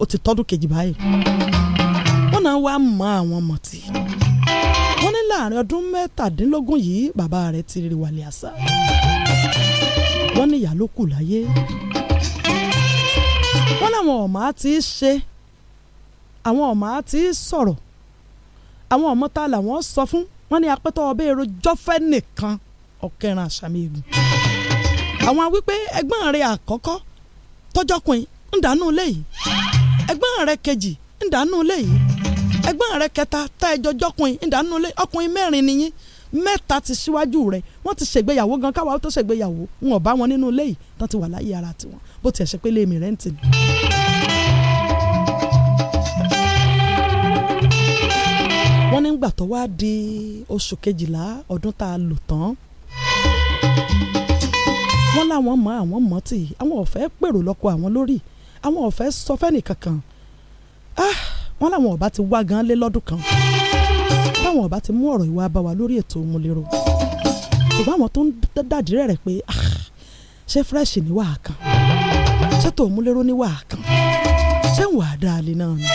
O ti tọ́dún kejì báyìí wọ́n náà wá mọ àwọn mọ̀tì wọ́n ní láàrin ọdún mẹ́tàdínlógún yìí bàbá rẹ̀ ti rí wàlẹ̀ àṣà wọ́n ní ìyá ló kù láyé wọ́n láwọn ọ̀mà ti ṣe àwọn ọ̀mà ti sọ̀rọ̀ àwọn ọmọ ta làwọn sọ fún wọn ní apẹ́tọ́ ọbẹ̀ èrò jọ́fẹ́ nìkan ọ̀kẹ́ran àṣàmì egun àwọn wípé ẹgbọ́n rẹ̀ àkọ́kọ́ tọ́jọ́kùnrin ń dànù ilé yìí ẹ̀gbọ́n rẹ̀ kejì ń dànù ilé yìí ẹ̀gbọ́n rẹ̀ kẹta tá ẹjọ jọkùnrin ń dànù ilé ọkùnrin mẹ́rin nìyí mẹ́ta ti síwájú rẹ̀ wọ́n ti ṣègbéyàwó gan káwa ó tó ṣègbéyàwó ń ọ̀bá wọn nínú ilé yìí tán ti wà láyé ara tiwọn bó tiẹ̀ ṣe pé lé mi rẹ́ǹtì ni. wọ́n ní gbà tó wá di oṣù kejìlá ọdún tá a lò tán wọ́n láwọn mọ àwọn mọ tì àwọn ọ̀fẹ́ pèrò lọ́kọ àwọn lórí àwọn ọ̀fẹ́ sọ fẹ́ni kankan ah, wọ́n làwọn ọba ti wá gan lé lọ́dún kan táwọn ọba ti mú ọ̀rọ̀ ìwà bá wa lórí ètò òun lérò ṣùgbọ́n àwọn tó ń dàdírẹ́ rẹ̀ pé ah, ṣé fresh ni wàá kan ṣé tòun lérò ni wàá kan ṣé ń wàá dáa lè náà ni.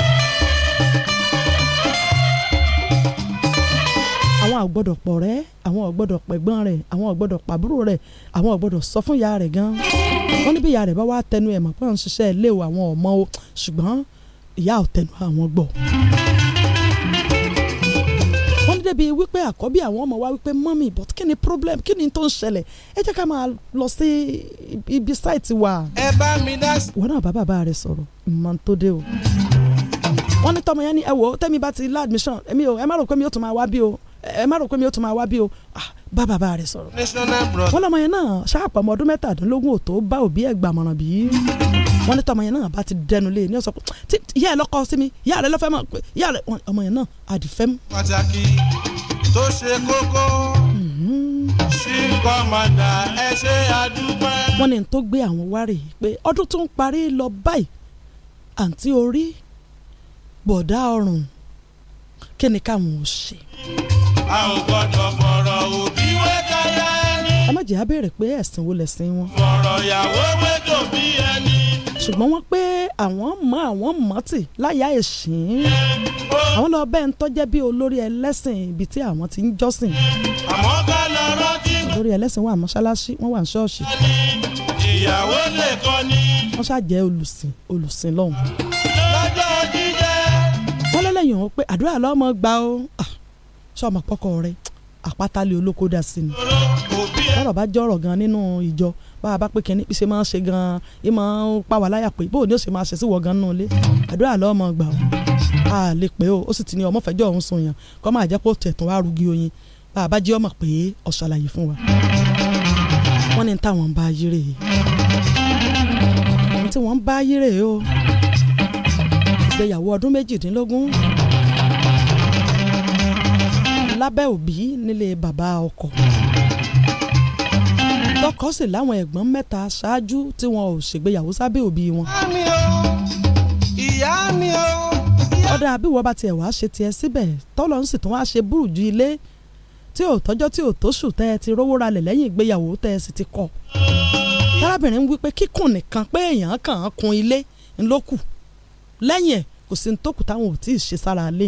àwọn àgbọ̀dọ̀ pọ̀ rẹ́ àwọn àgbọ̀dọ̀ pẹ̀gbọ́n rẹ̀ àwọn àgbọ̀dọ̀ pàbúrò rẹ̀ àwọn àgbọ̀dọ̀ sọ fún ìyá rẹ̀ gan wọ́n ní bí ìyá rẹ̀ bá wá tẹnu ẹ̀ mọ̀ pé òun ṣiṣẹ́ ilé o àwọn ọmọ o ṣùgbọ́n ìyá ò tẹnu àwọn gbọ́ wọ́n ní débi wípé àkọ́bí àwọn ọmọ wa wípé mọ́mì but kí ni problem kí ni tó ń ṣẹlẹ̀ ẹ jẹ́ ká máa lọ sí ibi sáìtì wa. ẹ bá mi dá. wọn náà bá bàbá rẹ sọ̀rọ̀ mọ tó dé o wọ́n ní tọmọ yẹn ní ẹ wò ó tẹ́mi bá ti lá admission èmi ò ẹ má rò pé mi ò tún máa wá bí o ẹ má rò pé mi ó tún máa wá bí o ah, bá bàbá rẹ̀ sọ̀rọ̀ wọ́n lọ́mọ yẹn náà ṣáàpamọ́ ọdún mẹ́tàdínlógún ò tó bá òbí ẹ̀ gbàmọ̀ràn bí wọ́n ní tọmọ yẹn náà bá ti dẹnu lé e ní ọ̀sán pé ìyá ẹ lọ́kọ sí mi ìyá rẹ lọ́fẹ́ mọ̀ pé ìyá rẹ ọmọ yẹn náà àdìfẹ́ mu. pàtàkì tó ṣe kókó sí mhm. kọ́mọ̀dà ẹ ṣe àdúgbò. wọ́n ní tó gbé àwọn wárè pé ọdún tó ń parí lọ báyìí àǹtí a ò gbọ́dọ̀ fọ̀rọ̀ òbí wé táyà ẹni. ẹ má jẹ́ á béèrè pé ẹ̀sìn wo lẹ̀sìn wọn. fọ̀rọ̀ ìyàwó wé tòbí ẹni. ṣùgbọ́n wọ́n pé àwọn mọ àwọn mọ́tì láyà ẹ̀sìn àwọn lọ bẹ́ẹ̀ ń tọ́jẹ́ bí olórí ẹlẹ́sìn ibi tí àwọn ti ń jọ́sìn. àmọ́ ká lọ rántí. olórí ẹlẹ́sìn wà mọ́ṣáláṣí wọ́n wà ní ṣọ́ọ̀ṣì. ìyàwó lè ni. wọ́n ṣàjẹ́ olùsìn olùsìn lọ́hùn. lọ́jọ́ sọmọ pọkọ rẹ àpátálẹ olóko dá sí ni bọ́rọ̀ bá jọ̀rọ̀ gan nínú ìjọ bá a bá pé kínní ṣe máa ń ṣe gan ẹ máa ń pa wá láyà pé bóò ni ó ṣe máa ṣe sí wọ gan nínú ilé àdúrà lọ́mọ gbà ó a lè pé o ó sì ti ní ọmọ fẹjọ́ òun sùn yàn kọ́ máa jẹ́ kó tẹ̀tún wá rugi oyin bá a bá jẹ́ ọmọ pé ọ̀ṣàlàyé fún wa wọ́n ní táwọn ń bá yíré ohun tí wọ́n ń bá yíré o ìgbéyàwó ọdún méjìdínlógún lábẹ́ òbí nílé bàbá ọkọ tọkọ sì láwọn ẹ̀gbọ́n mẹ́ta ṣáájú tí wọn ò ṣègbéyàwó sábẹ́ òbí wọn. ọ̀dà àbíwọ́ bá tiẹ̀ wá ṣe tiẹ̀ síbẹ̀ tọ́lọ́ ń sì tún wá ṣe búrùjú ilé tí ò tọ́jọ́ tí ò tóṣù tẹ́ ẹ ti rówó ralẹ̀ lẹ́yìn ìgbéyàwó tẹ́ ẹ sì ti kọ́. arábìnrin ń kíkùn nìkan pé èèyàn kàn án kun ilé ńlọ́kù lẹ́yìn ẹ̀ kò sí ní tókù táwọn ò tí ṣe sára ilé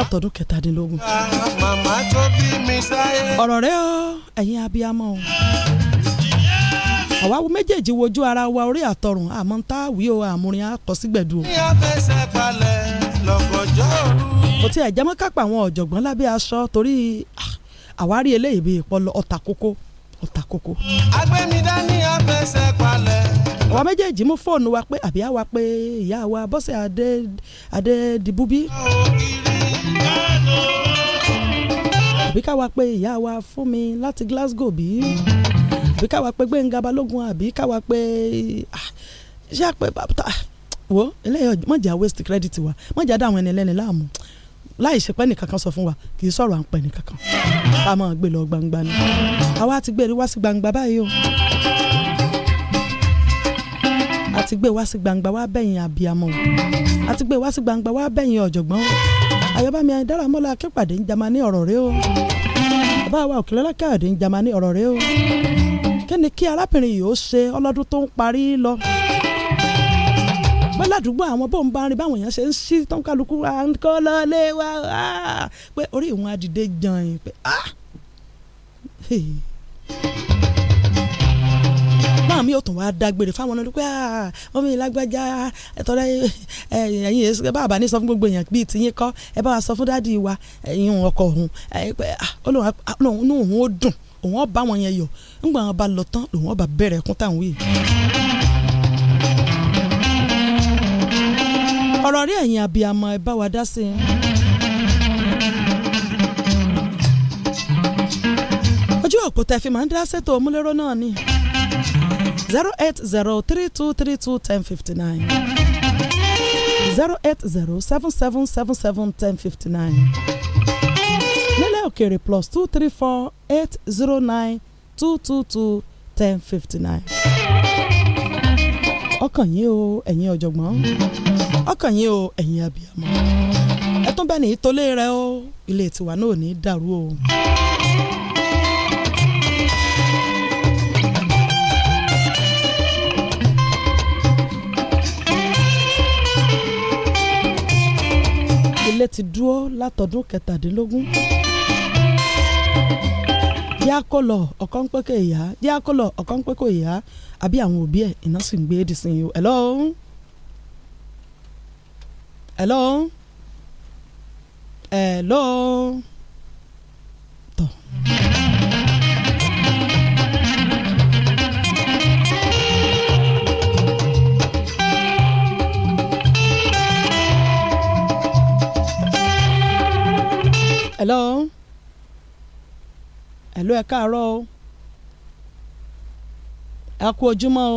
látọdún kẹtàdínlógún. màmá tó bí mi sáyé. ọ̀rọ̀ rẹ ọ ẹ̀yin abiyamọ o àwa méjèèjì wojú ara wa orí àtọrùn àmọ́ ń tá àwí o àmúrin àkọsígbẹ̀dù o. ní afẹsẹ̀ balẹ̀ lọ́gọ́jọ́ òru. kò tí ẹ̀ jẹ́mọ́ kápá àwọn ọ̀jọ̀gbọ́n lábẹ́ aṣọ torí ah, àwárí eléyìí bíi ìpọlọ ọ̀tà kókó ọ̀tà kókó. agbẹ́mídá ní afẹsẹ̀ balẹ̀. àwa méjèèjì mú fóònù wa pé àbí àwa pé ìyá wa bọ́sẹ̀ adé adé dìbúbí. òkìrì àbí káwa pé ìyá wa fún mi láti Glasgow bí àbí káwa pé Gbẹ̀ngà Balógun àbí káwa pé ah, ṣé àpẹ bàbá wo eléyìí mọ̀jà waste credit wa mọ̀jà dá àwọn ẹni ẹlẹ́ni láàmú láì ṣe pé ẹnìkankan sọ fún wa kì í sọ̀rọ̀ à ń pẹ́ ẹnìkankan ká máa gbé lọ gbangba ni àwa ti gbé wá sí gbangba báyìí o a ti gbé wá sí gbangba wá bẹ̀yìn abiyamọ o a gbé wá sí gbangba wá bẹ̀yìn ọ̀jọ̀gbọ́n o àyọ̀bámi dáramọ́lá akẹ́pàdé ń jama ní ọ̀rọ̀ rẹ o bàbá wa òkèlọ́lá káyọ̀dé ń jama ní ọ̀rọ̀ rẹ o kí ni kí arábìnrin yìí ó ṣe ọlọ́dún tó ń parí lọ pé ládùúgbò àwọn bó ń rin báwọn èèyàn ṣe ń ṣí tán kálukú à ń kọ́ lọ lé wa pé orí ìwọ̀n adìde jàn yín pé ah báwọn mi ò tún wá dágbére fáwọn náà pé ah, wọ́n mi lágbájá ẹ̀tọ́rẹ́ ẹ̀yìn èso bá àbá sọ fún gbogbo èèyàn bíi tiyín kọ́ ẹ bá wa sọ fún dáàdi wa ẹ̀yìn ọkọ òun olóhùn ah, òun ó dùn òun ó wọn yẹn yọ ńgbà wọn bá lọ tán lòun ó bẹ̀rẹ̀ ẹkún táwọn yìí. ọ̀rọ̀ rí ẹ̀yin abiyamọ ẹ bá wa dá sí i. ojú òkúta ẹ máa ń dá sétò omúlérò náà ni. Zero zero Zero zero eight eight three three two two ten ten fifty nine. seven seven seven seven fifty nine. nílẹ̀ òkèèrè plus two three four eight zero nine two two two ten fifty nine ọkàn yín o ẹ̀yin ọ̀jọ̀gbọ́n ọkàn yín o ẹ̀yin abiyamọ ẹ tún bẹ́ẹ̀ ní ìtòlé rẹ o ilé tiwa náà ò ní dàrú o. ilé ti dúró látọdún kẹtàdínlógún díákọlọ ọkànpẹkẹ ìyá díákọlọ ọkànpẹkọ ìyá àbí àwọn òbí ẹ iná sì ń gbé èdè sí i o hello hello hello hello hello ẹ káàárọ̀ o ẹ kú ojúmọ́ o.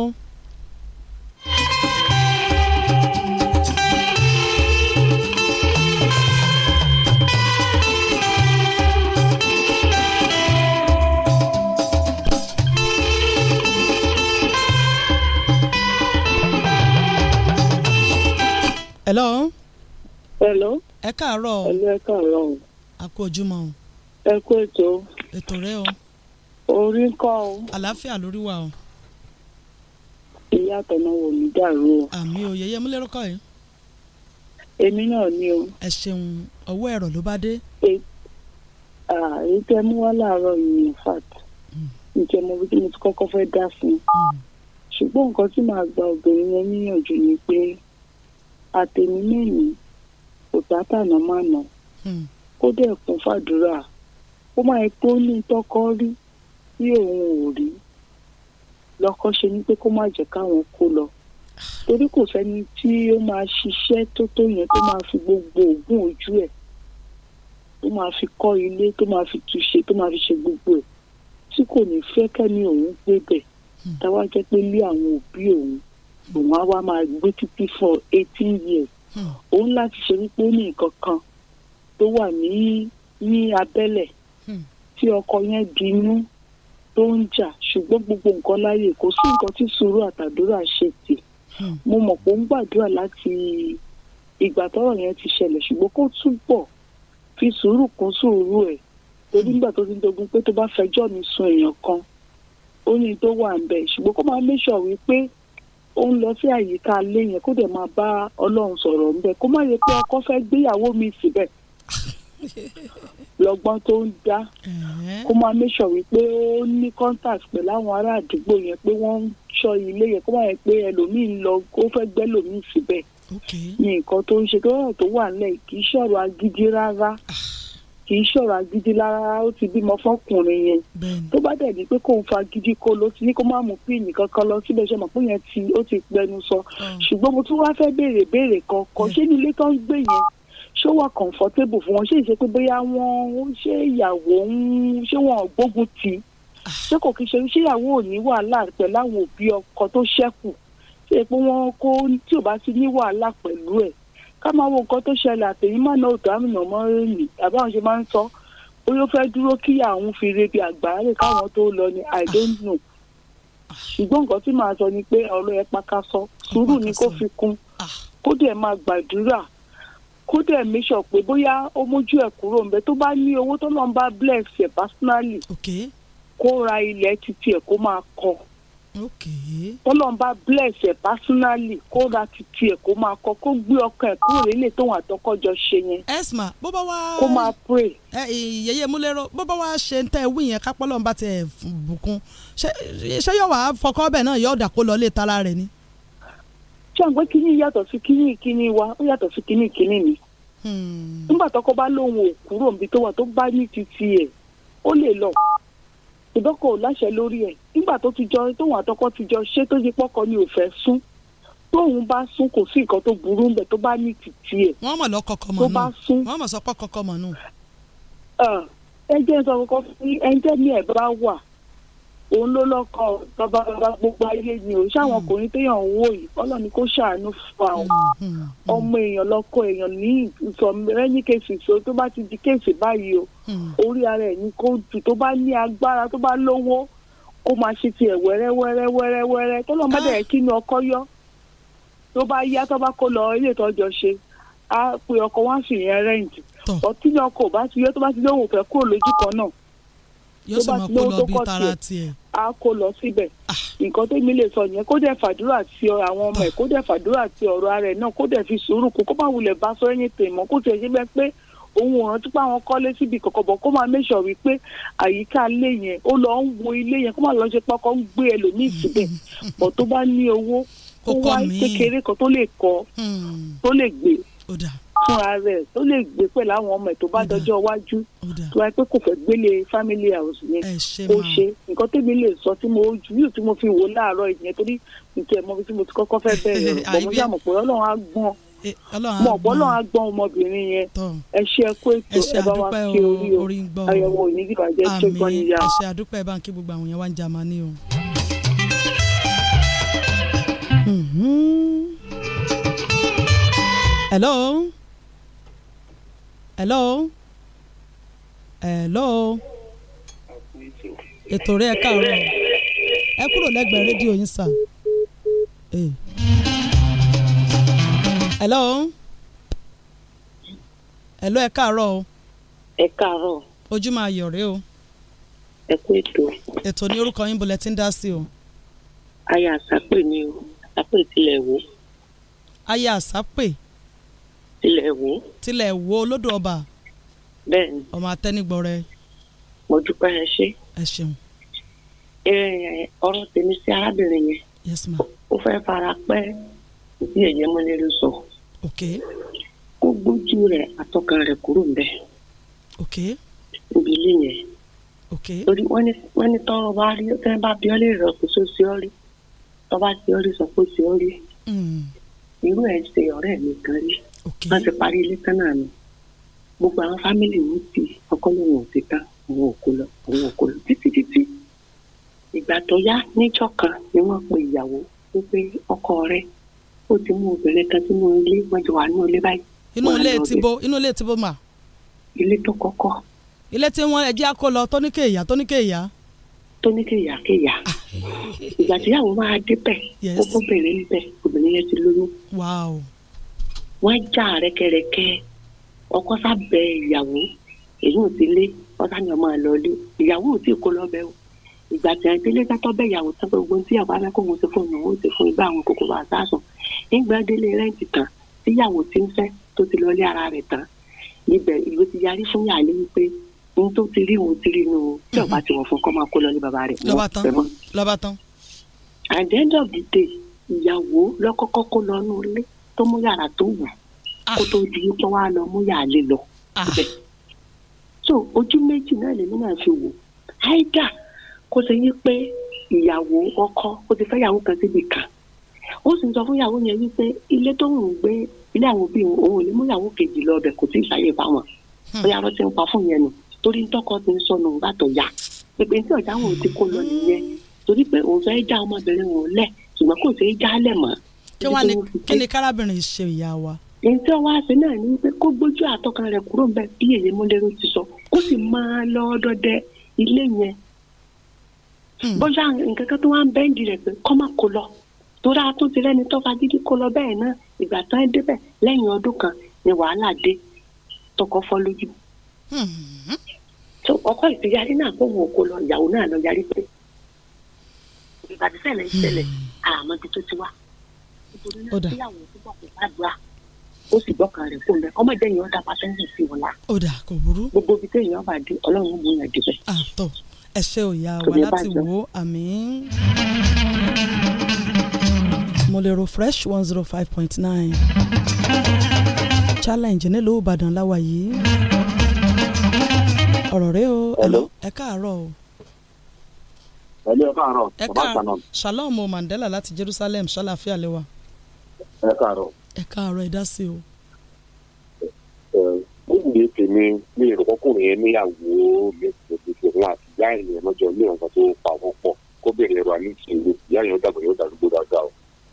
hello. hello. ẹ káàárọ̀. hello ẹ káàárọ̀ a kú ojúmọ́ o. ẹ kú ètò. ètò rẹ o. orí ń kọ́ o. àlàáfíà lórí wa o. ìyá àtọ̀nà wò mí dàrú o. àmì o yẹyẹ mú lérò kọ́ yìí. èmi náà ni o. ẹ ṣeun ọwọ́ ẹ̀rọ ló bá dé. èyí tẹ́ mú wá láàárọ̀ yìí in fact hmm. ǹjẹ́ mo rí kí mo ti kọ́kọ́ fẹ́ dá sí i. Hmm. ṣùgbọ́n nǹkan tí màá gba obìnrin yẹn níyànjú ni pé àtẹ̀mí mẹ́rin kò nà. Hmm kó dẹ̀ kún fàdúrà ó máa yẹ pé ó ní tọkọ rí tí òun ò rí lọ́kọ ṣe ni pé kó má jẹ́ káwọn kó lọ torí kò sẹ́ni tí ó máa ṣiṣẹ́ tó tó yẹn tó máa fi gbogbo ògùn ojú ẹ̀ tó máa fi kọ́ ilé tó máa fi túnṣe tó máa fi ṣe gbogbo ẹ̀ tí kò ní fẹ́ kẹ́ni òun gbé bẹ̀ hmm. táwa jẹ́ pé lé àwọn òbí òun òun á wá máa gbé títí fún eighteen years òun hmm. láti ṣe wípé ó ní nǹkan kan tó wà ní ní abẹ́lẹ̀ hmm. tí ọkọ yẹn bínú tó ń jà ṣùgbọ́n gbogbo nǹkan láyè kò sí nǹkan tí sùúrù àtàdúrà ṣe tì hmm. mo mọ̀ pé ó ń gbàdúrà láti ìgbà tọ́rọ̀ yẹn ti ṣẹlẹ̀ ṣùgbọ́n kó túbọ̀ fi sùúrù kún sùúrù ẹ̀ torí hmm. nígbà tó ti ń dogun pé tó bá fẹjọ́ mi sun èèyàn kan ó ní tó wà ń bẹ̀ ṣùgbọ́n kó máa méṣọ̀ wípé ó ń lọ sí àyíká alé yẹn kó dẹ̀ máa bá ọlọ́run sọ̀rọ̀ ń bẹ̀ kó má yẹ pé ọkọ fẹ́ gbéyàwó mi síbẹ̀ lọ́gbọ́n tó ń dá kó máa make sure wípé ó ní contact pẹ̀lú àwọn ará àdúgbò yẹn pé wọ́n ń ṣọ́ ilé yẹn kó máa yẹ pé ẹlòmíín lọ ó fẹ́ gbẹ́ lòmíín síbẹ̀ ní nǹkan tó ń ṣe kí ọ̀rọ̀ tó wà nílẹ̀ kì í ṣọ̀rọ̀ agídí rárá ah. kì í ṣọ̀rọ̀ agídí rárá ó ti bímọ fọkùnrin yẹn tó bá dẹ̀ ní pé kò ń fa agídí kó ló ti ní kó má mú píìnì kankan lọ síbẹ̀ ṣe mọ̀ pé yẹn ti ó ti pẹnu sọ ah. ṣùgbọ́n mo tún wá fẹ́ béèrè béèrè kan kọ́ ṣé ní ilé tó ń gbé yẹn ṣó wà comfortable fún wọn ṣé ìṣe pé bóyá wọn ṣé ìyàwó ń ṣé wọn gbógun tì í ṣé kò kí ṣe ṣé ìyàwó ò ní wàhálà pẹ̀lú àwọn òbí ọkọ tó ṣẹ́kù ṣé pé wọn kó tí ò bá ti ní wàhálà pẹ̀lú ẹ̀ ká máa wo nǹkan tó ṣẹlẹ̀ àtẹ̀yìn máa náà òtò àmì nàmọ́ rìn àbá àwọn ṣe máa ń sọ ó yóò fẹ́ dúró kí àwọn fi rebi àgbáyé káwọn tó lọ ni i don't know ṣùgbọ́n nǹkan tí màá sọ ni pé ọ̀rọ̀ ẹ̀ pakasọ sùúrù ni kó fi kún ah. kó dẹ̀ máa gbàdúrà kó dẹ̀ pé bóyá ó mójú ẹ̀ kúrò ń tó bá ní owó tó lọ́n bá bless ẹ̀ personally kó ra ilẹ̀ títí ẹ̀ kó máa kọ́ tó lọ́n bá bless ẹ̀ personally kó ra títí ẹ̀ kó máa kọ́ kó gbé ọkàn ẹ̀ kúrò nílé tóun àtọkọ́jọ ṣe yẹn kó máa pray. ẹ yẹyẹ múlẹ́rọ bó bá wá ṣe ń tẹ́ ẹ yẹn kápọ́ lọ́n bá tẹ bùkún ṣé yóò wá fọkọ́ bẹ́ẹ̀ náà yóò dà kó lọ lé tara rẹ̀ ni. ṣàǹgbé kínní yàtọ̀ sí kínní ìkínní wa ó yàtọ̀ sí kínní ìkínní ni. nígbà bá lóun ò kúrò níbi tó wà tó bá ní titi ẹ̀ ó lè lọ ìdọ́kọ̀ ò láṣẹ lórí ẹ̀ nígbà tó ti jọ ṣé tó yí pọ́kọ ni ò sún tóun bá sún kò sí nǹkan tó burú tó bá ní titi ẹ̀. wọ́n mọ̀ mọ̀ nù sọ mọ̀ nù. ẹ jẹ́ sọ òun ló lọ́kọ babalọba gbogbo ayé ni o ṣáwọn hmm. ọkùnrin téèyàn ń wò yìí ọlọ́ni kò ṣàánú fún àwọn hmm, hmm, ọmọ èèyàn lọ́kọ èèyàn ní ìsọmẹ́rẹ́yìn kéèsì so tó bá ti di kéèsì báyìí o orí ara ẹ̀ ní kó tó bá ní agbára tó bá lówó kó máa ṣe tiẹ̀ wẹ́rẹ́wẹ́rẹ́ wẹ́rẹ́wẹ́rẹ́ tó lọ́n ah. bá dẹ̀ kí ni ọkọ yọ tó bá yá tó bá kó lọ ilé ìtọ́jọ ṣe á pe ọkọ wá fìyẹn rẹ́ǹtì ọtí ni ọkọ bá ti yọ tó bá ti lóhùn fẹ́ kúrò lójú kan náà yóò sì máa kó lọ bí tara tiẹ̀. a kó lọ síbẹ̀ ah. nǹkan tó mi lè sọ yẹn kó dẹ̀ fàdúrà ti àwọn ọmọ ẹ̀ kó dẹ̀ fàdúrà ti ọ̀rọ̀ ara ẹ̀ náà kó dẹ̀ fi sùúrù kó kó má wulẹ̀ bá sọ ẹ̀yìn tèmọ́ kó tiẹ̀ ṣe bẹ́ẹ̀ pé òun ò rántí pé àwọn kọ́lé síbi kọ̀kọ̀ kó máa méṣọ̀ wípé àyíká ilé yẹn ó lọ ń wo ilé yẹn kó máa lọ ṣe pọkọ ń gbé ẹlòmíì síbẹ̀ hmm. bọ̀ tó bá ní owó kó wá kékeré kan tó lè kọ́ hmm. tó lè gbé fúnra rẹ̀ tó lè gbé pẹ̀lú àwọn ọmọ ẹ̀ tó bá dọjọ́ iwájú tó wáyé pé kò fẹ́ gbélé family house yẹn ó ṣe nǹkan tèmi lè sọ tí mo ojú yóò tí mo fi wò láàárọ̀ ìyẹn torí nǹkan ẹ̀mọ́ tí mo ti kọ́kọ́ fẹ́ bẹ̀rẹ̀ ọ̀pọ̀ mo yà pé ọlọ́run á gbọ́n mọ ọpọlọ agbọn ọmọbìnrin yẹn ẹ ṣe ẹkú ètò ẹ bá wa kí orí o àyẹ̀wò onídìbàjẹ mm-hmm. hello hello hello ètò rẹ ẹ káàárọ̀ ẹ kúrò lẹ́gbẹ̀ẹ́ rédíò yín sà. Eh. hello hello ẹ káàárọ̀ o. ẹ káàárọ̀. ojú máa yọ̀ rẹ o. ẹ kú ètò. ètò ní orúkọ yín bọ̀lẹ́ tí ń dá sí o. aya àsápè ni o àsápè tilẹ̀ wò. aya àsápè tilẹ̀ wo. tilẹ̀ wo lódò ọba. bẹ́ẹ̀ni. ọmọ atẹnigbọrẹ. mo dúpẹ́ ẹ ṣé. ẹ ṣeun. ọ̀rọ̀ tèmi sí arábìnrin yẹn. yes ma. ó fẹ́ fara pẹ́ bí èyí mo lè sọ. ok. kó gbójú rẹ̀ àtọkàn rẹ̀ kúrò ńbẹ̀. ok. ìbílí yẹn. ok. torí wọ́n ní tọ́rọ bá rí tẹ́ bá bí ọ́ lè rọ̀ kó sósì ọ́ rí tọ́ bá sí ọ́ rí sọ pé sí ọ́ rí. Hmm. irú ẹ̀ ṣe ọ̀rẹ́ mi kan rí wọ́n ti parí ilé tán náà ni gbogbo àwọn fámìlì wù sí ọkọ lòun ò ti tán òun ò kó lọ òun ò kó lọ títí títí ìgbà tó yá níjọ́ kan ni wọ́n pe ìyàwó wípé ọkọ rẹ̀ ó ti mú obìnrin kan sínú ilé wọ́n jọ wà nínú ilé báyìí. inú ilé ti bo inú ilé ti bo mà. ilé tó kọ́kọ́. ilé tí wọ́n ẹjẹ́ akó lọ tóníkè ìyá tóníkè ìyá. tóníkè ìyá kéèyà ah. máa débẹ̀ ó kó obìnrin bẹ̀ obìnrin yẹn ti lóyún wọ́n já rẹ́kẹrẹkẹ ọkọ sábẹ ìyàwó èyí ò ti lé ọ̀tá ni ọmọ àlọ́ lé ìyàwó ò tí ì kó lọ́bẹ̀ o ìgbà tí wọn délé tọ́tọ́ bẹ́ẹ̀ ìyàwó tán gbogbo tí ìyàwó abẹ́kọ̀ wọn ti fún ìyàwó ti fún ìgbà àwọn kòkòrò àsásùn nígbà délé rẹ́ǹtì tán tí ìyàwó ti ń fẹ́ tó ti lọlé ara rẹ̀ tán ibẹ̀ ìlú ti yarí fún yàrá wípé ohun tó ti rí òun ti rí inú tí ọba ti wọ̀ fún kọ́ máa kó lọ ní bàbá rẹ̀ lọ́ba tán. at the end ìyàwó lọ́kọ́kọ́ kó lọ nú ilé tó mú yàrá tó wù ah. kó tó di pé wàá lọ mú yàrá lè lọ. Ah. so ojú méjì náà lèmi náà fi wò áìdá kó ṣe yí pé ìyàwó ọkọ ó ti fẹ́ yàwó kan síbi kan ó sì ń sọ fún ìyàwó yẹn wípé ilé tó ń gbé ilé àwọn òbí òun ò lè mú ìyàwó kejì lọ ọbẹ̀ kò tí ì sáyè fáwọn hmm. bóyá wọ́n ti ń pa fún yẹn nù torí ń tọkọ ti ń sọnù ńgbà tó yá pèpè tí ọ̀já wọn ti kó lọ nìyẹn torí pé òun fẹ́ já ọmọbìnrin òun lẹ̀ ṣùgbọ́n kò sí í já lẹ̀ mọ́ kí wàá ní kí ni kárábìnrin ṣe ìyá wa. èyí tí wàá ṣe náà ni pé kó gbójú àtọkàn rẹ̀ kúrò ńbẹ̀ bí èyí múlẹ́rù ti sọ kó sì máa lọ dọdẹ ilé yẹn hmm. bóyá nǹkan kan tó wá ń bẹ́ǹdì rẹ̀ pé kọ́ má kó lọ torí a tún ti rẹ́ni tó fagídí kó lọ bẹ́ẹ̀ náà ìgbà tán ẹ débẹ̀ lẹ́yìn ọdún kan ni wàhálà dé tọkọ fọ́ lójú. Hmm. ọkọ ìfìyàrí náà kó wọn kó lọ ìyàwó náà lọ yarí pé ìbàdí ṣẹlẹ̀ ṣẹlẹ̀ hmm. àmọ́ ti tó ti wá torí náà ó sì gbọ́kàn rẹ̀ kó lẹ ọmọ ìjẹ́ yẹn ó da pàṣẹ́ńtì sí wọn la. ó dà kò burú. gbogbo ibi téèyàn bá dé ọlọ́run mú yàn débẹ̀. àtọ ah, ẹ ṣe wa láti wo àmín. mo lè ro fresh one zero five point nine challenge nílùú ìbàdàn láwa yìí ọ̀rọ̀ rẹ o ẹ káàárọ̀ o. ẹ káàárọ̀ ẹ káàárọ̀ shalom o mandela láti jerusalem ṣàlàáfíà lẹ́wà ẹ káàárọ̀. ẹ káàárọ̀ ẹ dá sí o. ó wù mí tèmi mi ò kọ́kùnrin yẹn níyàwó mi kò fi fi wọn àti ìyá ìyẹn lọ́jọ́ ilé ọ̀gá tó pa wọ́n pọ̀ kó bèrè ẹ̀rọ àní ìṣèlú ìyá ìyẹn dàgbà yóò dàdúgbò dáadáa o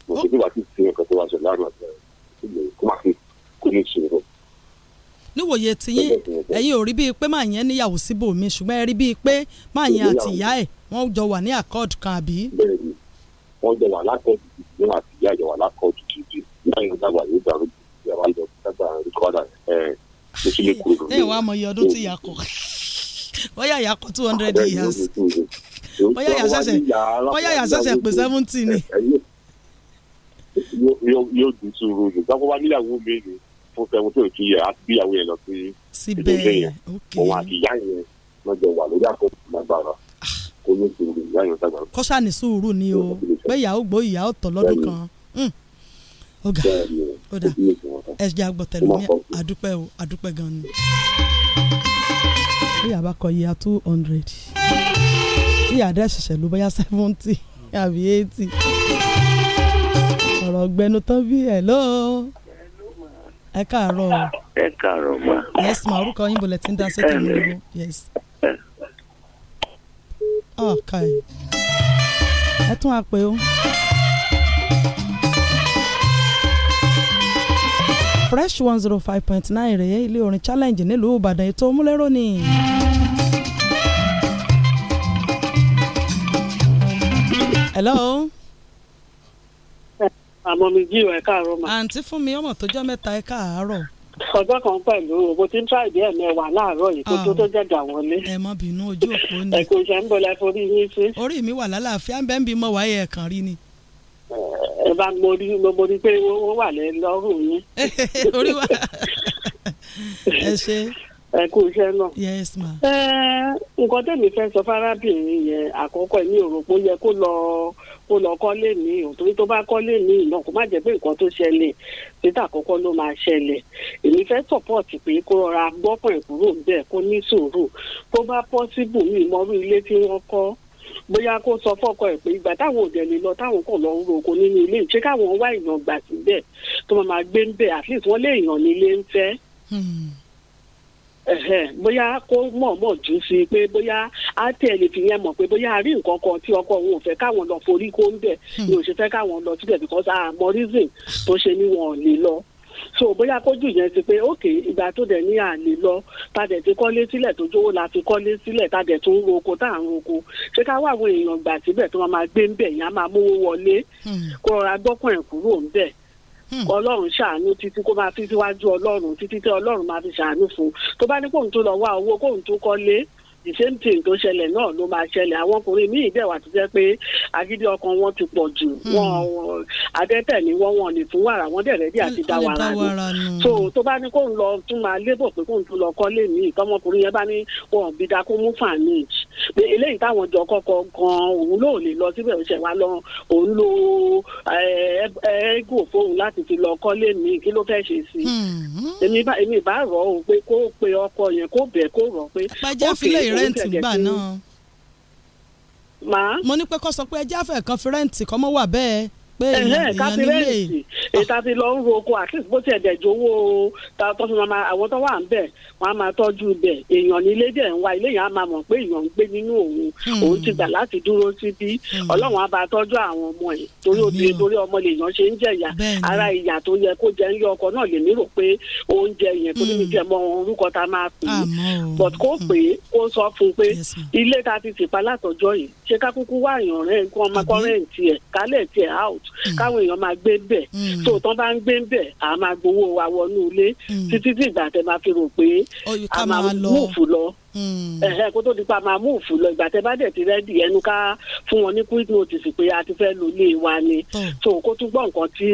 mo ti dìbò àti ìṣe nǹkan tó wá ṣe láàrin àti ìṣèlú kó má fi kó ní ìṣèlú. níwòye tiyín ẹ̀yin ò rí bíi pé màá yẹn níyàwó síbò mi ṣùgbọ́n ẹ rí bíi pé màá yẹn àti ìyá ẹ̀ wọ́n jọ wà ní àkọ́ọ̀dù kan àbí òun àti ìyá ìyàwó alákọ̀ọ́dù kejì ìyá ìyàwó dàgbà yóò dàrú ìyàwó àlọ́ dàgbà rìkọ́dà ẹ̀ tó sì lè kúrò lórí. ẹ wàá mọ iye ọdún tí ìyá kọ bóyá ìyá kọ two hundred years bóyá ìyá ṣẹ̀ṣẹ̀ bóyá ìyá ṣẹ̀ṣẹ̀ pé seventy ni. yóò dùn sùúrù ní gbàgbọ́ wa níyàwó mi ni fún seventy ò kí yẹ àti bíyàwó yẹn lọ sí síbẹ̀ yẹn òun àti ìyá yẹn lọ́jọ́ wà lórí àkókò lágbára kó ní sùúrù ìyá yẹn dàgbà. kọ́sà ní sùúrù ni o pé ìyá ó gbó ìyá ó tọ̀ lọ́dún kan ọ̀gá ọ̀dà ẹ̀jẹ̀ àgbọ̀tẹ̀lú ní àdúpẹ́ o àdúpẹ́ gan ni. bí àbákọ yìí a two hundred tí àdá ṣẹ̀ṣẹ̀ bóyá seventy àbí eighty ọ̀rọ̀ ọ̀gbẹ́nu tán bí hello ẹ káàárọ̀ ẹ káàárọ̀ ma yes ma orúkọ yín bọ̀lẹ̀ tí ń dá sẹ́tẹ̀ mi lóko yes. ọ̀ka ah, ẹ̀ ẹ tún o. fresh one zero oh five point orin challenge nílùú ìbàdàn ètò múlẹ́rọ́ ni. hello. àmọ́ mi jí ìwà ẹ̀ka àárọ̀ mà. àǹtí fún mi ọmọ tó mẹ́ta ẹ̀ka ọjọ́ kan pẹ̀lú owó tí ń tra ìdí ẹ̀mẹ́wàá láàárọ̀ yìí kó tó ah. tó jẹ̀gà wọlé. ẹ má bínú ojú òpó ni. ẹ̀kọ́ iṣẹ́ ń bọ̀lẹ̀ forí yín sí. orí mi wà lálàáfíà ń bẹ́ ń bí mọ̀ wáyé ẹ̀kan rí ni. ẹ bá mo rí mo rí pé owó wà lọ́rùn yín. orí wa ẹ ṣe ẹ kú iṣẹ́ náà. yes ma. ẹ nǹkan tẹ̀mí fẹ́ sọ fárábìnrin yẹn àkọ́kọ́ ẹ̀mí òròpó yẹ kó lọ kó lọ kọ́lé mi ò torí tó bá kọ́lé mi náà kó má jẹ́ pé nǹkan tó ṣẹlẹ̀ títà àkọ́kọ́ ló máa ṣẹlẹ̀ èmi fẹ́ sọ̀pọ̀tì pé kó rọra gbọ́kàn kúrò bẹ́ẹ̀ kó ní sùúrù tó bá pọ́síbù mi ìmọ̀rú ilé tí wọ́n kọ́ bóyá kó sọ fọ́kọ ẹ̀ pé ìgbà táwọn òdẹ lè lọ táwọn kò lọ ń roko nínú ilé ìṣe káwọn wá èèyàn gbà síbẹ̀ tó máa gbé ń bẹ̀ at wọ́n lé èèyàn nílé ń fẹ́. Hmm bóyá kó mọ̀ọ́mọ̀ jù sí i pé bóyá á tẹ̀lé fi yẹn mọ̀ pé bóyá a nǹkan kan tí ọkọ òun ò fẹ́ káwọn lọ forí kó ń bẹ̀ ni hmm. ò ṣe fẹ́ káwọn lọ síbẹ̀ because àmọ́ reason tó ṣe ni wọn lè lọ so bóyá kójú yẹn ti pé ok ìgbà tó dẹ̀ ní àlè lọ ta dẹ̀ ti kọ́lé sílẹ̀ tó jówó la fi kọ́lé sílẹ̀ ta dẹ̀ tún roko tá à ń roko ṣé ká wá àwọn èèyàn gbà síbẹ̀ tó máa gbé ń bẹ̀ yẹn á máa mówó wọlé hmm. kó rọra gbọ́kàn ẹ̀ kúrò ń bẹ̀ Hmm. ọlọ́run ṣàánú títí kó máa fi síwájú ọlọ́run títí tí ọlọ́run máa fi ṣàánú fún tó bá ní kóun tó lọ wá owó kóun tó kọ́lé the same thing tó ṣẹlẹ̀ náà ló máa ṣẹlẹ̀ àwọn ọkùnrin míì bẹ̀ wà tó jẹ́ pé agídí ọkàn wọn ti pọ̀ jù hmm. wọn adẹ́tẹ̀ ni wọ́n wọn lè fún wàrà wọn dẹ̀ rẹ́dí àti dá wàrà ni so tó bá ní kóun lọ tún máa lébò pé kóun tún lọ kọ́lé míì tọmọkùnrin yẹn bá ní wọn bí da mú fàánì pé eléyìí táwọn jọ kọ́kọ́ gan òun ló lè lọ síbẹ̀ ó ṣe wá lọ òun lo ẹ́gò fóun láti fi lọ kọ́lé mi kí ló fẹ́ ṣe sí i hmm. èmi bá rọ̀ ọ́ pé kó pe ọkọ yẹn kó bẹ̀ kó rọ̀ pé ó kè é kó tẹ̀gẹ̀ sí mo ní pé kó sọ pé ẹjẹ́ àfẹ́ kan fi rẹ́ǹtì kọ́ mọ́ wà bẹ́ẹ̀ pé èèyàn nílé ètò àti lọ ń ro at least bó tiẹ̀ dẹ̀ jọ̀wọ́ tó fi máa àwọn tó wà ń bẹ̀ wọ́n á máa tọ́jú bẹ̀ èèyàn nílé dẹ̀ ń wá ilé yẹn á máa mọ̀ pé èèyàn ń gbé nínú òun hmm. òun ti gbà láti dúró síbí hmm. ọlọ́run á bá tọ́jú àwọn ọmọ ẹ̀ torí obìnrin torí ọmọ lèèyàn ṣe ń jẹ̀yà ara ìyà tó yẹ kó jẹ́ ń yọ ọkọ náà lè mí rò pé oúnjẹ yẹn tó níbi jẹ́ mọ orúkọ tá máa pè é but kó pè é kó sọ fún un pé ilé ta ti tìpa látọjọ́ yìí ṣe ká wá àyàn rẹ̀ nǹkan ọmọkọ rẹ̀ ń tiẹ̀ kálẹ̀ tiẹ̀ out Mm. káwọn èèyàn máa gbé bẹ̀ tó mm. tán bá ń gbé bẹ̀ à máa gbowó wa wọnú ilé mm. títí tí ìgbà tẹ máa fi rò pé a máa múfù lọ Hmm. ẹ̀hẹ́ kó tó di pa máa mú òfin lọ ìgbà tẹ́ bá dẹ̀ ti rẹ́dì ẹnu ká fún wọn ní quick notice pé a ti fẹ́ lo ilé wa ni so kó tún gbọ́ nǹkan tí